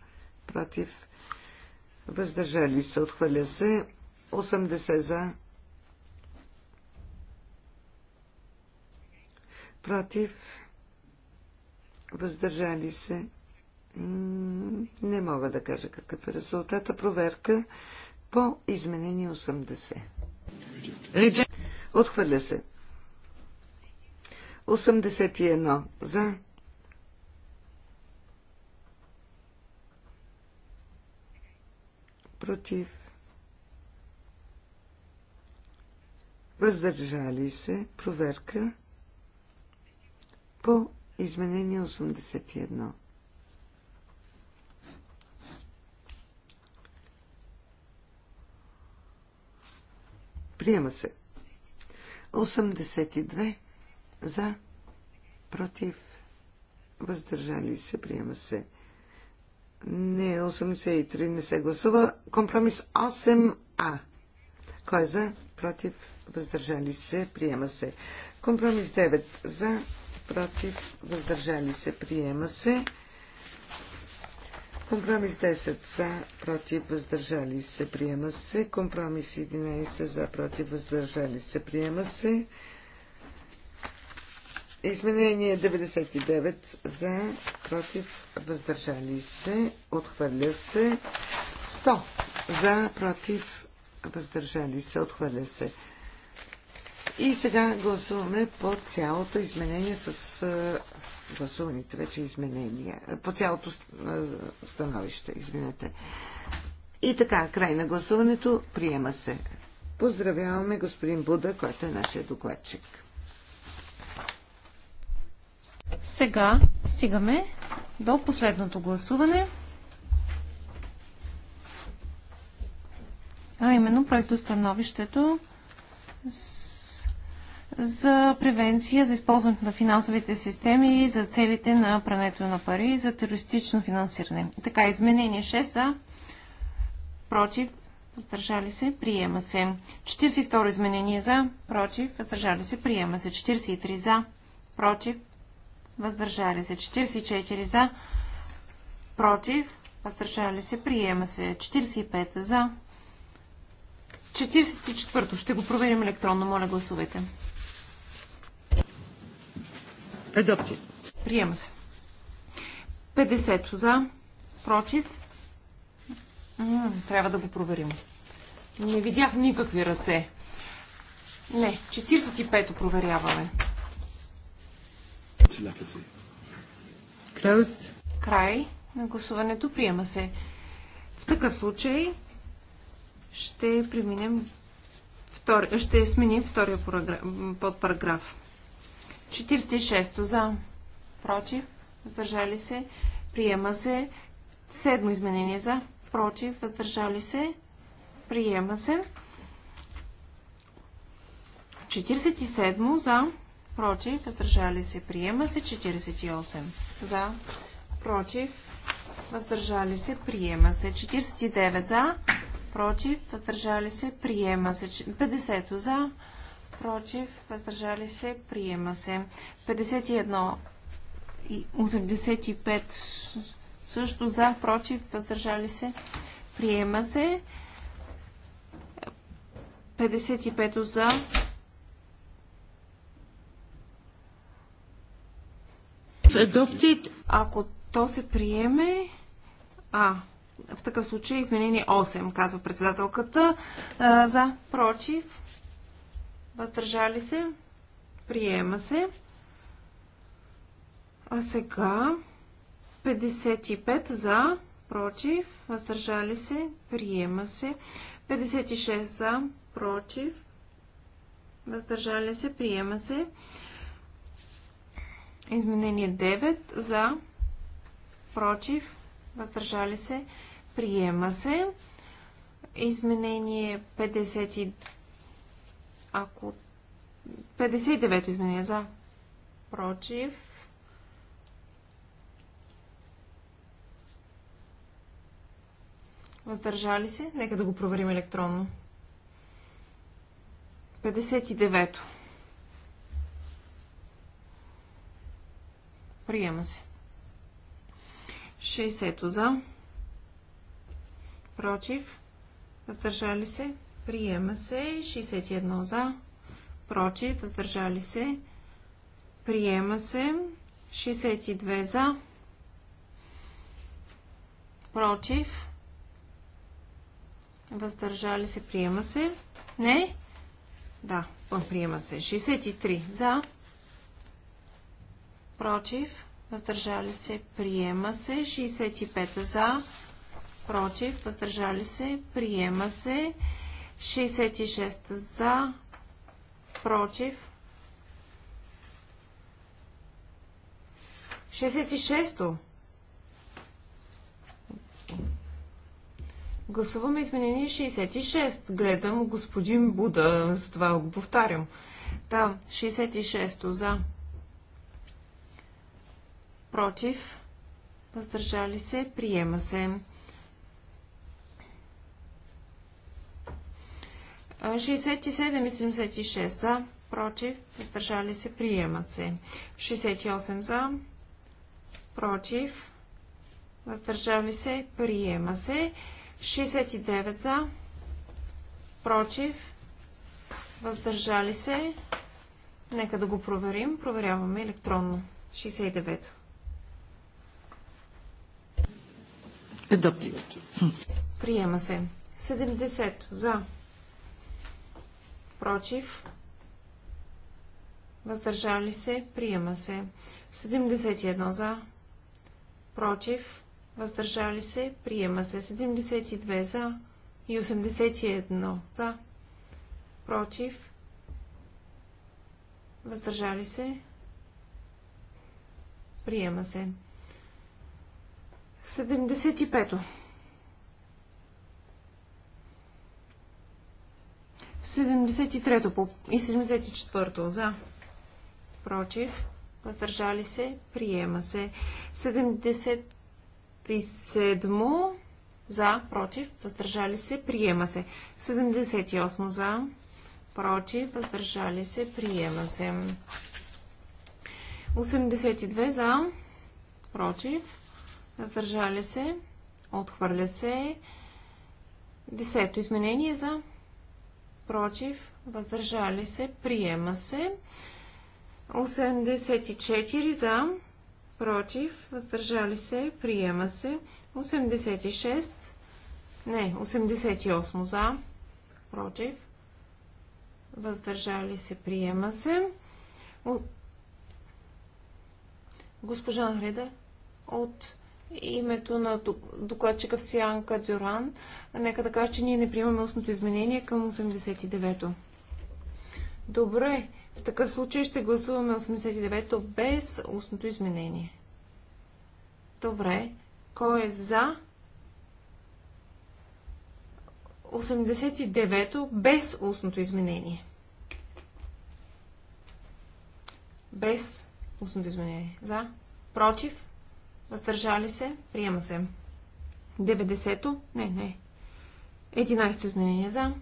против, въздържали се, отхвърля се, 80 за, против, въздържали се. Не мога да кажа какъв е резултата. Проверка по изменени 80. Отхвърля се. 81 за против, въздържали се, проверка по изменение 81. Приема се. 82 за, против, въздържали се, приема се. Не, 83 не се гласува. Компромис 8А. Кой е за? Против? Въздържали се? Приема се. Компромис 9 за? Против? Въздържали се? Приема се. Компромис 10 за, против, въздържали се, приема се. Компромис 11 за, против, въздържали се, приема се. Изменение 99 за, против, въздържали се, отхвърля се. 100 за, против, въздържали се, отхвърля се. И сега гласуваме по цялото изменение с гласуваните вече изменения. По цялото становище, извинете. И така, край на гласуването, приема се. Поздравяваме господин Буда, който е нашия докладчик. Сега стигаме до последното гласуване. А именно проектостановището с... за превенция за използването на финансовите системи и за целите на прането на пари и за терористично финансиране. Така, изменение 6 за против, въздържали се, приема се. 42 изменение за, против, въздържали се, приема се. 43 за, против, въздържали се 44 за, против, въздържали се, приема се 45 за. 44-то, ще го проверим електронно, моля гласувайте. Адопти. Приема се. 50 за, против. М -м, трябва да го проверим. Не видях никакви ръце. Не, 45-то проверяваме. Closed. Край на гласуването. Приема се. В такъв случай ще преминем втори, ще сменим втория подпараграф. 46 за, против, въздържали се, приема се. Седмо изменение за, против, въздържали се, приема се. 47 за, против, въздържали се, приема се 48. За, против, въздържали се, приема се 49. За, против, въздържали се, приема се 50. За, против, въздържали се, приема се 51 85. Също за, против, въздържали се, приема се 55 за, Ако то се приеме... А, в такъв случай изменение 8, казва председателката. А, за, против, въздържали се, приема се. А сега 55 за, против, въздържали се, приема се. 56 за, против, въздържали се, приема се. Изменение 9 за, против, въздържали се, приема се. Изменение 50, ако 59 изменение за, против, въздържали се. Нека да го проверим електронно. 59. Приема се. 60 за. Против. Въздържали се. Приема се. 61 за. Против. Въздържали се. Приема се. 62 за. Против. Въздържали се. Приема се. Не. Да. Приема се. 63 за против, въздържали се, приема се. 65 за, против, въздържали се, приема се. 66 за, против. 66-то. Гласуваме изменение 66. Гледам господин Буда, затова го повтарям. Да, 66-то за, против, въздържали се, приема се. А, и 76 за, против, въздържали се, приемат се. 68 за, против, въздържали се, приема се. 69 за, против, въздържали се. Нека да го проверим. Проверяваме електронно. 69. Adopted. Приема се. 70 за. Против. Въздържали се. Приема се. 71 за. Против. Въздържали се. Приема се. 72 за. И 81 за. Против. Въздържали се. Приема се. 75-то. 73-то и 74-то за. Против. Въздържали се. Приема се. 77 за. Против. Въздържали се. Приема се. 78 за. Против. Въздържали се. Приема се. 82 за. Против въздържали се, отхвърля се. Десето изменение за против, въздържали се, приема се. 84 за против, въздържали се, приема се. 86, не, 88 за против, въздържали се, приема се. Госпожа Греда от името на докладчика Сианка Сянка Дюран, нека да кажа, че ние не приемаме устното изменение към 89-то. Добре, в такъв случай ще гласуваме 89-то без устното изменение. Добре, кой е за 89-то без устното изменение? Без устното изменение. За? Против? Въздържали се. Приема се. 90-то. Не, не. 11-то изменение за.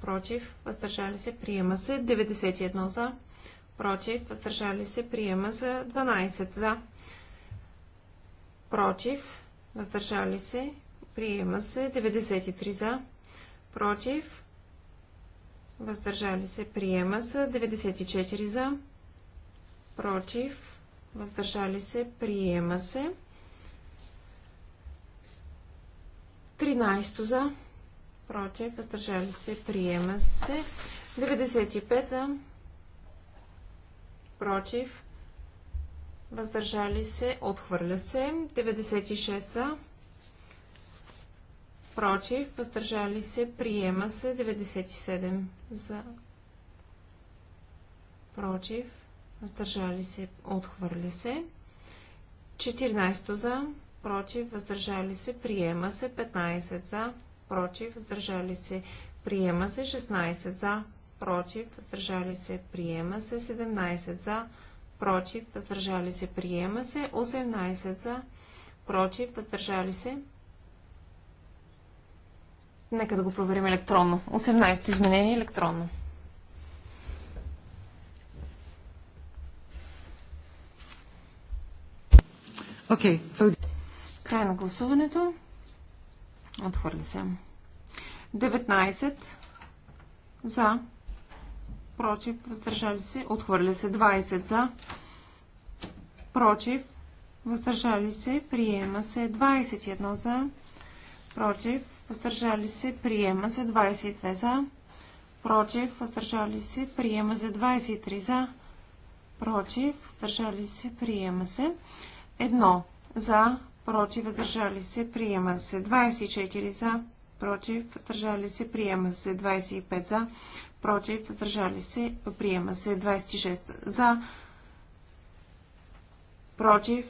Против. Въздържали се. Приема се. 91 за. Против. Въздържали се. Приема се. 12 за. Против. Въздържали се. Приема се. 93 за. Против. Въздържали се. Приема се. 94 за. Против въздържали се, приема се. 13 за, против, въздържали се, приема се. 95 за, против, въздържали се, отхвърля се. 96 за, против, въздържали се, приема се. 97 за, против, въздържали се, отхвърли се. 14 за, против, въздържали се, приема се. 15 за, против, въздържали се, приема се. 16 за, против, въздържали се, приема се. 17 за, против, въздържали се, приема се. 18 за, против, въздържали се. Нека да го проверим електронно. 18 изменение електронно. Okay. Край на гласуването. Отхвърли се. 19 за, против, въздържали се, отхвърля се. 20 за, против, въздържали се, приема се. 21 за, против, въздържали се, приема се. 22 за, против, въздържали се, приема се. 23 за, против, въздържали се, приема се. Едно за, против, въздържали се, приема се. 24 за, против, въздържали се, приема се. 25 за, против, въздържали се, приема се. 26 за, против,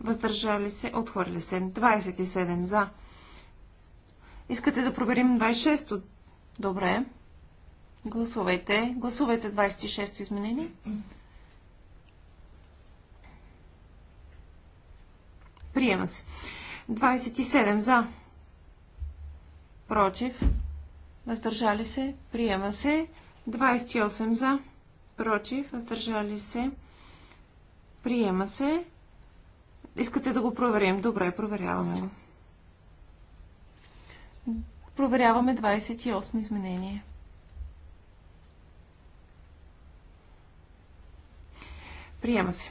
въздържали се, отхвърля се. 27 за. Искате да проверим 26-то? Добре. Гласувайте. Гласувайте 26-то изменение. Приема се. 27 за. Против. Въздържали се. Приема се. 28 за. Против. Въздържали се. Приема се. Искате да го проверим? Добре, проверяваме го. Проверяваме 28 изменение. Приема се.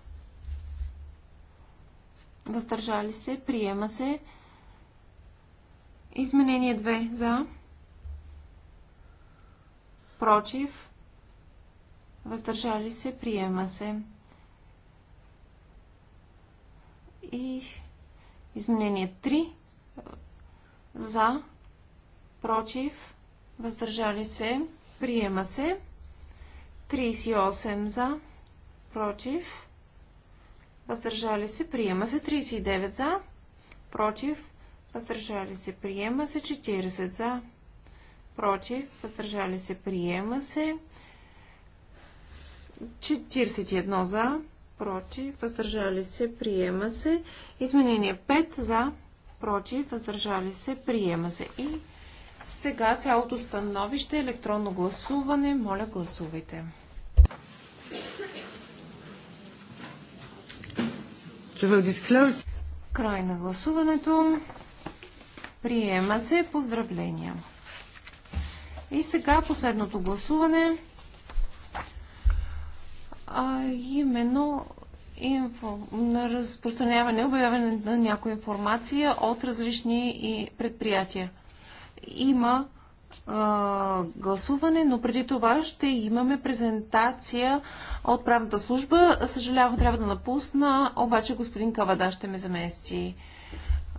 въздържали се, приема се. Изменение 2 за, против, въздържали се, приема се. И изменение 3 за, против, въздържали се, приема се. 38 за, против, въздържали се, приема се 39 за, против, въздържали се, приема се 40 за, против, въздържали се, приема се 41 за, против, въздържали се, приема се. Изменение 5 за, против, въздържали се, приема се. И сега цялото становище е електронно гласуване. Моля, гласувайте. Край на гласуването. Приема се. Поздравления. И сега последното гласуване. А, именно инфо, на разпространяване, обявяване на някоя информация от различни предприятия. Има гласуване, но преди това ще имаме презентация от правната служба. Съжалявам, трябва да напусна, обаче господин Кавада ще ме замести.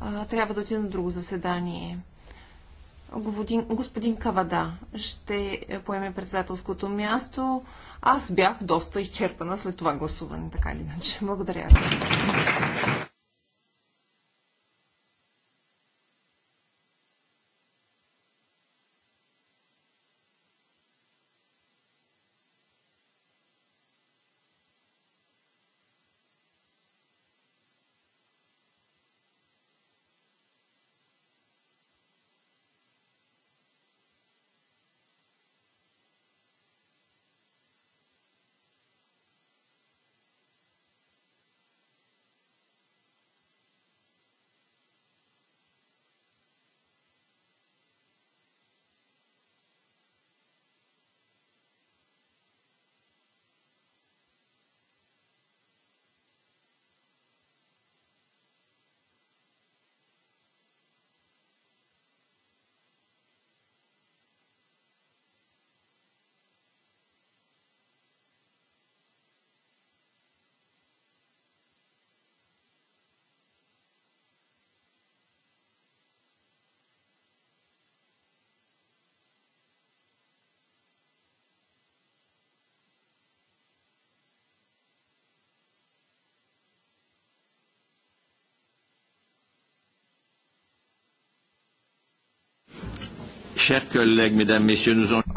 А, трябва да отида на друго заседание. Господин, господин Кавада ще поеме председателското място. Аз бях доста изчерпана след това гласуване, така или иначе. Благодаря.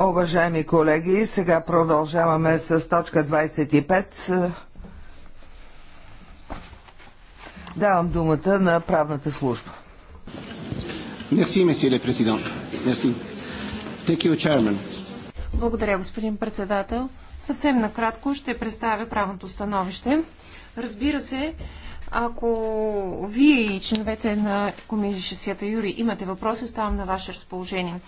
Уважаеми колеги, сега продължаваме с точка 25. Давам думата на правната служба. Благодаря, господин председател. Съвсем накратко ще представя правното становище. Разбира се, ако вие и членовете на комисията Юри имате въпроси, оставам на ваше разположение.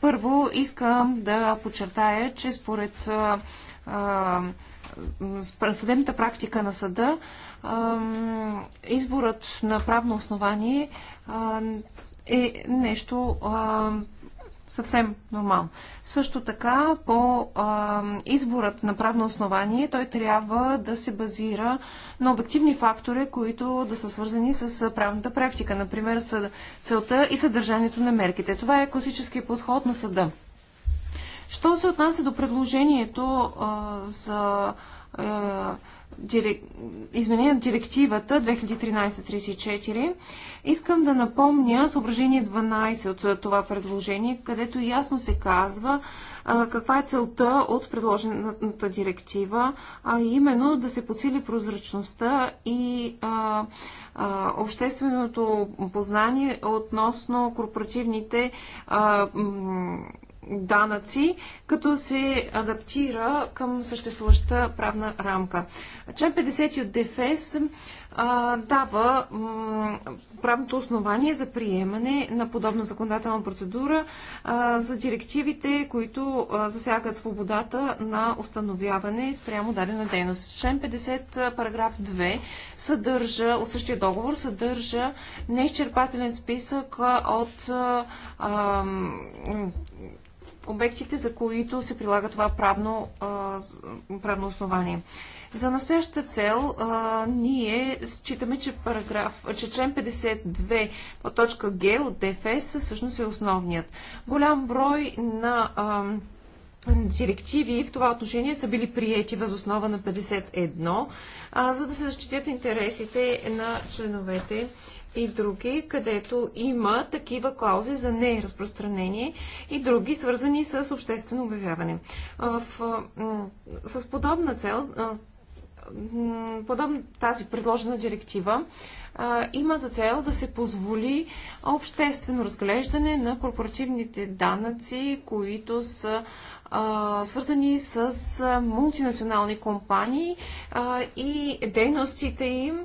Първо искам да подчертая, че според а, а, съдебната практика на съда а, изборът на правно основание е нещо съвсем нормално. Също така, по а, изборът на правно основание, той трябва да се базира на обективни фактори, които да са свързани с правната практика, например целта и съдържанието на мерките. Това е класически подход на съда. Що се отнася до предложението а, за а, дирек... изменение на директивата 2013-34, искам да напомня съображение 12 от това предложение, където ясно се казва а, каква е целта от предложената директива, а именно да се подсили прозрачността и а, а, общественото познание относно корпоративните а, данъци, като се адаптира към съществуващата правна рамка. Член 50 от ДФС а, дава правното основание за приемане на подобна законодателна процедура а, за директивите, които а, засягат свободата на установяване спрямо дадена дейност. Член 50, параграф 2 съдържа, от същия договор съдържа неизчерпателен списък от а, обектите, за които се прилага това правно, правно основание. За настоящата цел а, ние считаме, че, параграф, че член 52 по точка Г от ДФС всъщност е основният. Голям брой на а, директиви в това отношение са били приети възоснова на 51, а, за да се защитят интересите на членовете и други, където има такива клаузи за неразпространение и други, свързани с обществено обявяване. В, с подобна цел, подобна тази предложена директива, има за цел да се позволи обществено разглеждане на корпоративните данъци, които са свързани с мултинационални компании и дейностите им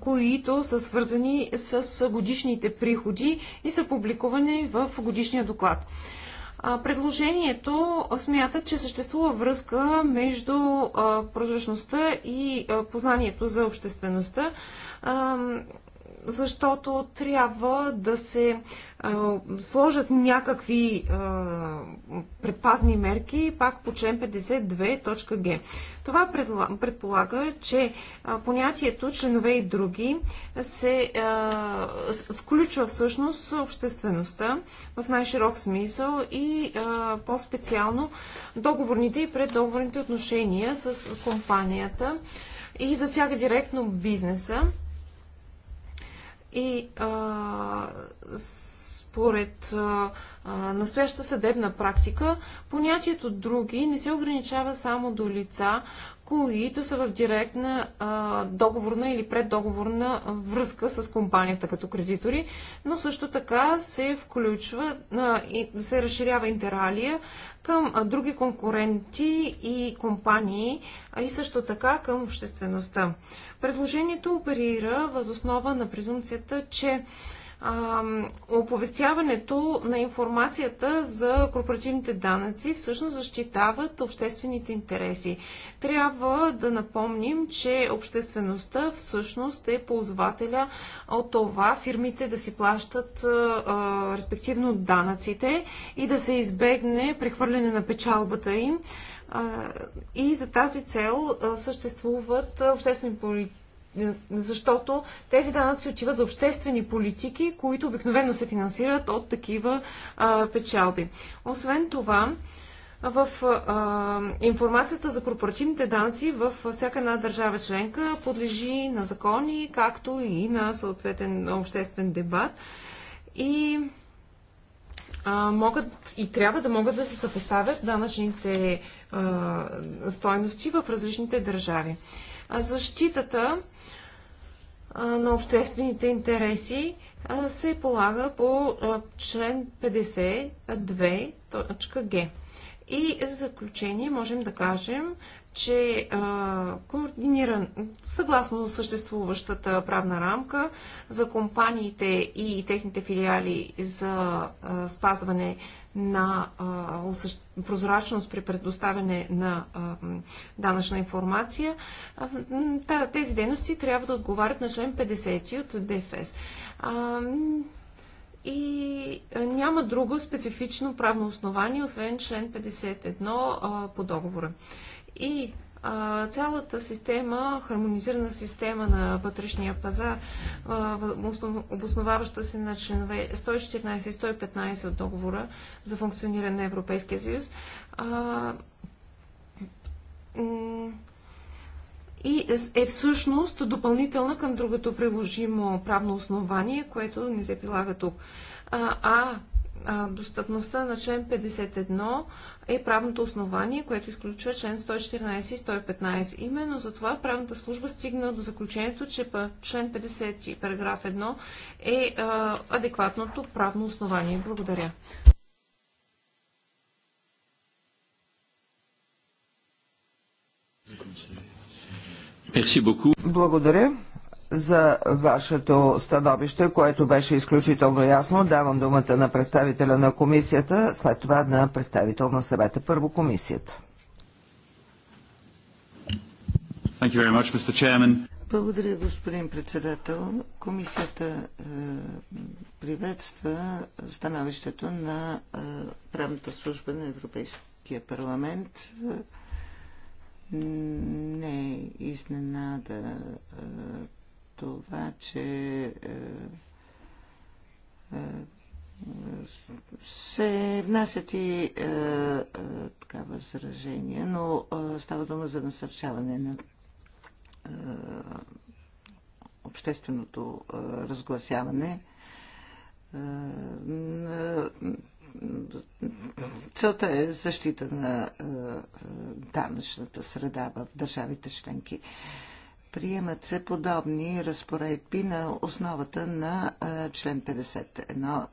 които са свързани с годишните приходи и са публикувани в годишния доклад. Предложението смята, че съществува връзка между прозрачността и познанието за обществеността защото трябва да се а, сложат някакви а, предпазни мерки, пак по член 52.г. Това предполага, че понятието членове и други се а, включва всъщност обществеността в най-широк смисъл и по-специално договорните и преддоговорните отношения с компанията и засяга директно бизнеса. И а, според а, настоящата съдебна практика, понятието други не се ограничава само до лица, които са в директна а, договорна или преддоговорна връзка с компанията като кредитори, но също така се включва а, и се разширява интералия към а, други конкуренти и компании, а и също така към обществеността. Предложението оперира възоснова на презумцията, че оповестяването на информацията за корпоративните данъци всъщност защитават обществените интереси. Трябва да напомним, че обществеността всъщност е ползвателя от това фирмите да си плащат а, респективно данъците и да се избегне прехвърляне на печалбата им. И за тази цел съществуват обществени политики защото тези данъци отиват за обществени политики, които обикновено се финансират от такива а, печалби. Освен това, в а, информацията за корпоративните данъци в всяка една държава членка подлежи на закони, както и на съответен обществен дебат. И а, могат и трябва да могат да се съпоставят данъчните а, стойности в различните държави. А защитата на обществените интереси се полага по член 52.г. И за заключение можем да кажем, че координиран, съгласно съществуващата правна рамка за компаниите и техните филиали за спазване на а, прозрачност при предоставяне на а, данъчна информация, а, тези дейности трябва да отговарят на член 50 от ДФС. И няма друго специфично правно основание, освен член 51 по договора. И цялата система, хармонизирана система на вътрешния пазар, обосноваваща се на членове 114 и 115 от договора за функциониране на Европейския съюз, и е всъщност допълнителна към другото приложимо правно основание, което не се прилага тук. А, а достъпността на член 51 е правното основание, което изключва член 114 и 115. Именно за това правната служба стигна до заключението, че член 50 параграф 1 е а, адекватното правно основание. Благодаря. Благодаря за вашето становище, което беше изключително ясно. Давам думата на представителя на комисията, след това на представител на съвета. Първо комисията. Much, Благодаря, господин председател. Комисията е, приветства становището на е, правната служба на Европейския парламент. Не е изненада е, това, че е, е, се внасят и е, така възражения, но става дума за насърчаване на общественото разгласяване. Целта е защита на данъчната среда в държавите членки. Приемат се подобни разпоредби на основата на член 51.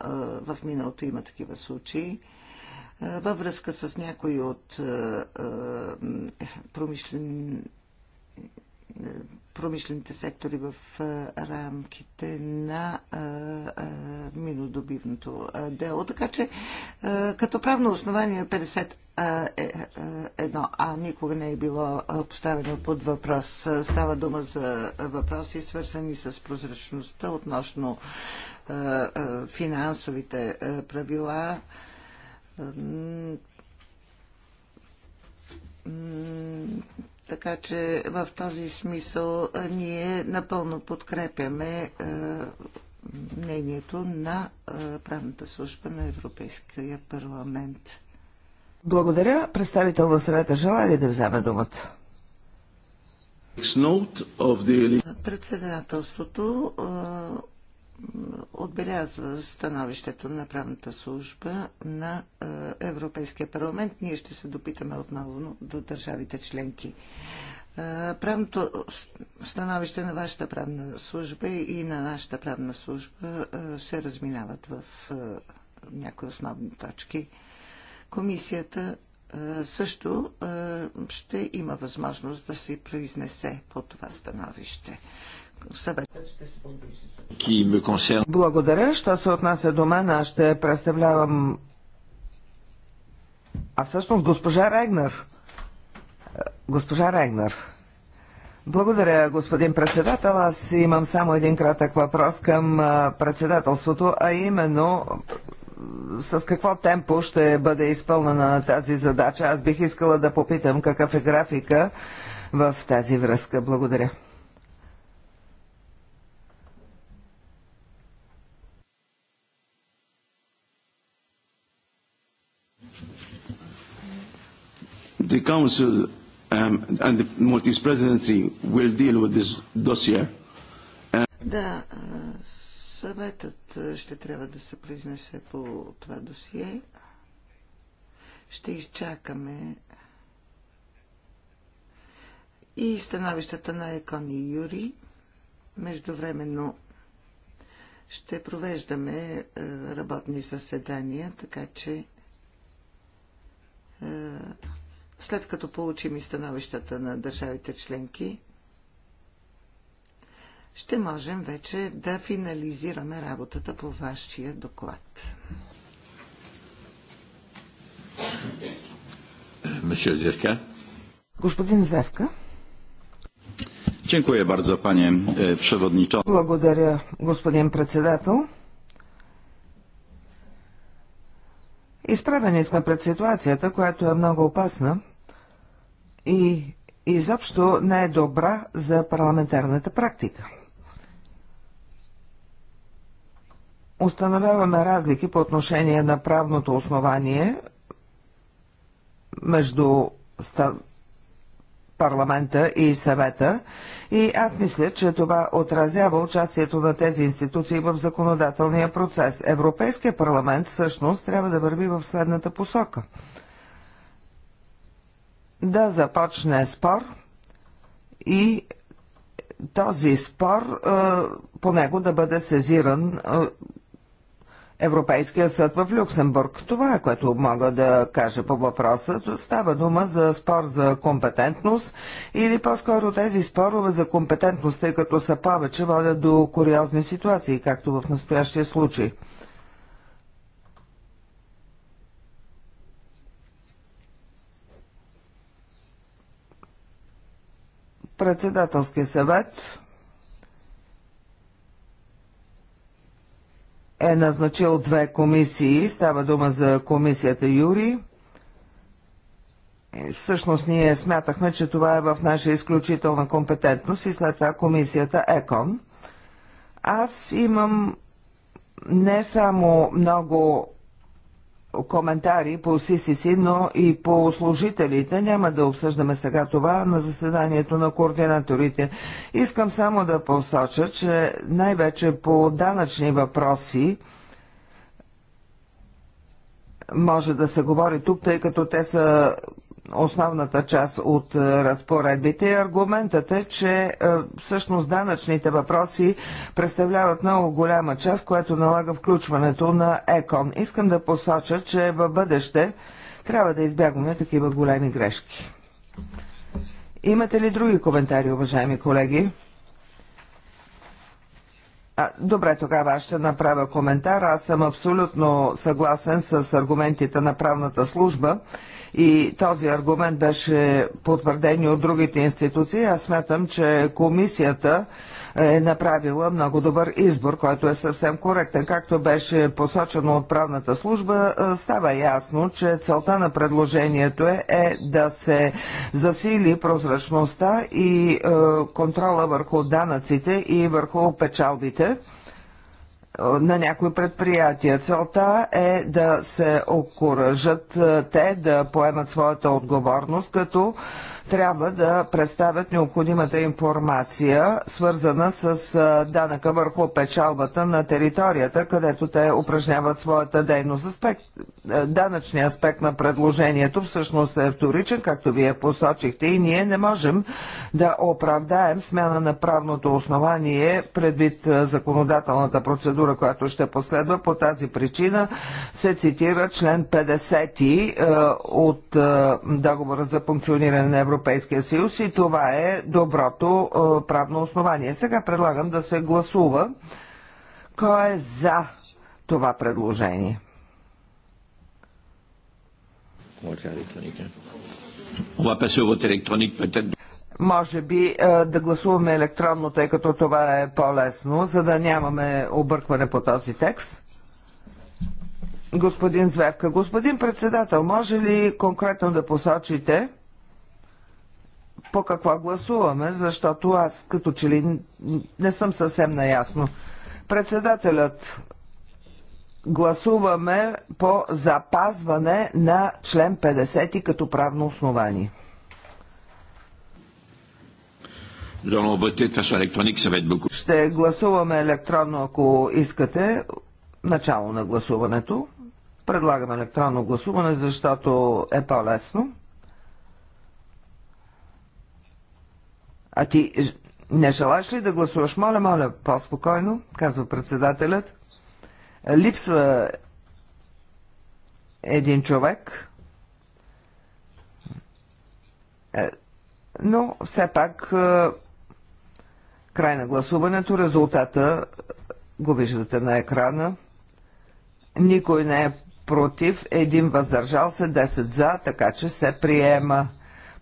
В миналото има такива случаи. Във връзка с някои от промишлен промишлените сектори в рамките на минодобивното дело. Така че като правно основание 50 е е, А никога не е било поставено под въпрос. Става дума за въпроси, свързани с прозрачността относно финансовите правила така че в този смисъл ние напълно подкрепяме мнението на правната служба на Европейския парламент. Благодаря. Представител на съвета желая ли да вземе думата? Председателството отбелязва становището на правната служба на е, Европейския парламент. Ние ще се допитаме отново до държавите членки. Е, правното становище на вашата правна служба и на нашата правна служба е, се разминават в някои основни точки. Комисията също ще има възможност да се произнесе по това становище съвет. се Благодаря. Що се отнася до мен, аз ще представлявам... А всъщност госпожа Регнер. Госпожа Регнер. Благодаря, господин председател. Аз имам само един кратък въпрос към председателството, а именно с какво темпо ще бъде изпълнена тази задача. Аз бих искала да попитам какъв е графика в тази връзка. Благодаря. The Council um, and the Maltese Presidency will deal with this dossier. Да, съветът ще трябва да се произнесе по това досие. Ще изчакаме и становищата на Екон и Юри. Междувременно ще провеждаме работни заседания, така че след като получим и становищата на държавите членки, ще можем вече да финализираме работата по вашия доклад. Господин Звевка. Dziękuję bardzo, panie e, przewodniczący. Благодаря, господин председател. Изправени сме пред ситуацията, която е много опасна – и изобщо не е добра за парламентарната практика. Установяваме разлики по отношение на правното основание между парламента и съвета и аз мисля, че това отразява участието на тези институции в законодателния процес. Европейския парламент всъщност трябва да върви в следната посока – да започне спор и този спор е, по него да бъде сезиран е, Европейския съд в Люксембург. Това е което мога да кажа по въпроса. Става дума за спор за компетентност или по-скоро тези спорове за компетентност, тъй като са повече, водят до куриозни ситуации, както в настоящия случай. Председателския съвет е назначил две комисии. Става дума за комисията Юри. Е, всъщност ние смятахме, че това е в наша изключителна компетентност и след това комисията ЕКОН. Аз имам не само много коментари по СИСИСИ, но и по служителите. Няма да обсъждаме сега това на заседанието на координаторите. Искам само да посоча, че най-вече по данъчни въпроси може да се говори тук, тъй като те са основната част от е, разпоредбите. Аргументът е, че е, всъщност данъчните въпроси представляват много голяма част, което налага включването на ЕКОН. Искам да посоча, че в бъдеще трябва да избягваме такива големи грешки. Имате ли други коментари, уважаеми колеги? А, добре, тогава аз ще направя коментар. Аз съм абсолютно съгласен с аргументите на правната служба и този аргумент беше потвърден от другите институции. Аз смятам, че комисията е направила много добър избор, който е съвсем коректен. Както беше посочено от правната служба, е, става ясно, че целта на предложението е, е да се засили прозрачността и е, контрола върху данъците и върху печалбите. Е, на някои предприятия. Целта е да се окоръжат е, те да поемат своята отговорност, като трябва да представят необходимата информация, свързана с е, данъка върху печалбата на територията, където те упражняват своята дейност. Аспект, е, данъчния аспект на предложението всъщност е вторичен, както вие посочихте, и ние не можем да оправдаем смяна на правното основание предвид е, законодателната процедура, която ще последва. По тази причина се цитира член 50 е, от договора за функциониране на Европейския съюз и това е доброто правно основание. Сега предлагам да се гласува кой е за това предложение. On va le faire électronique. Hein. On va passer au vote électronique peut-être. Може би е, да гласуваме електронно, тъй като това е по-лесно, за да нямаме объркване по този текст. Господин Звевка, господин председател, може ли конкретно да посочите по какво гласуваме, защото аз като че ли не съм съвсем наясно. Председателят гласуваме по запазване на член 50 като правно основание. Ще гласуваме електронно, ако искате. Начало на гласуването. Предлагаме електронно гласуване, защото е по-лесно. А ти не желаеш ли да гласуваш? Моля, моля, по-спокойно, казва председателят. Липсва един човек, е, но все пак е, край на гласуването, резултата го виждате на екрана. Никой не е против, един въздържал се, 10 за, така че се приема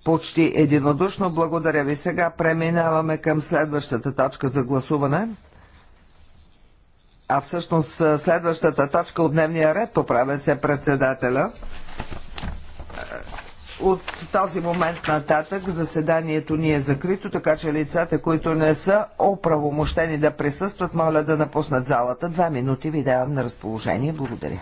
почти единодушно. Благодаря ви. Сега преминаваме към следващата точка за гласуване а всъщност следващата точка от дневния ред поправя се председателя. От този момент нататък заседанието ни е закрито, така че лицата, които не са оправомощени да присъстват, моля да напуснат залата. Два минути ви давам на разположение. Благодаря.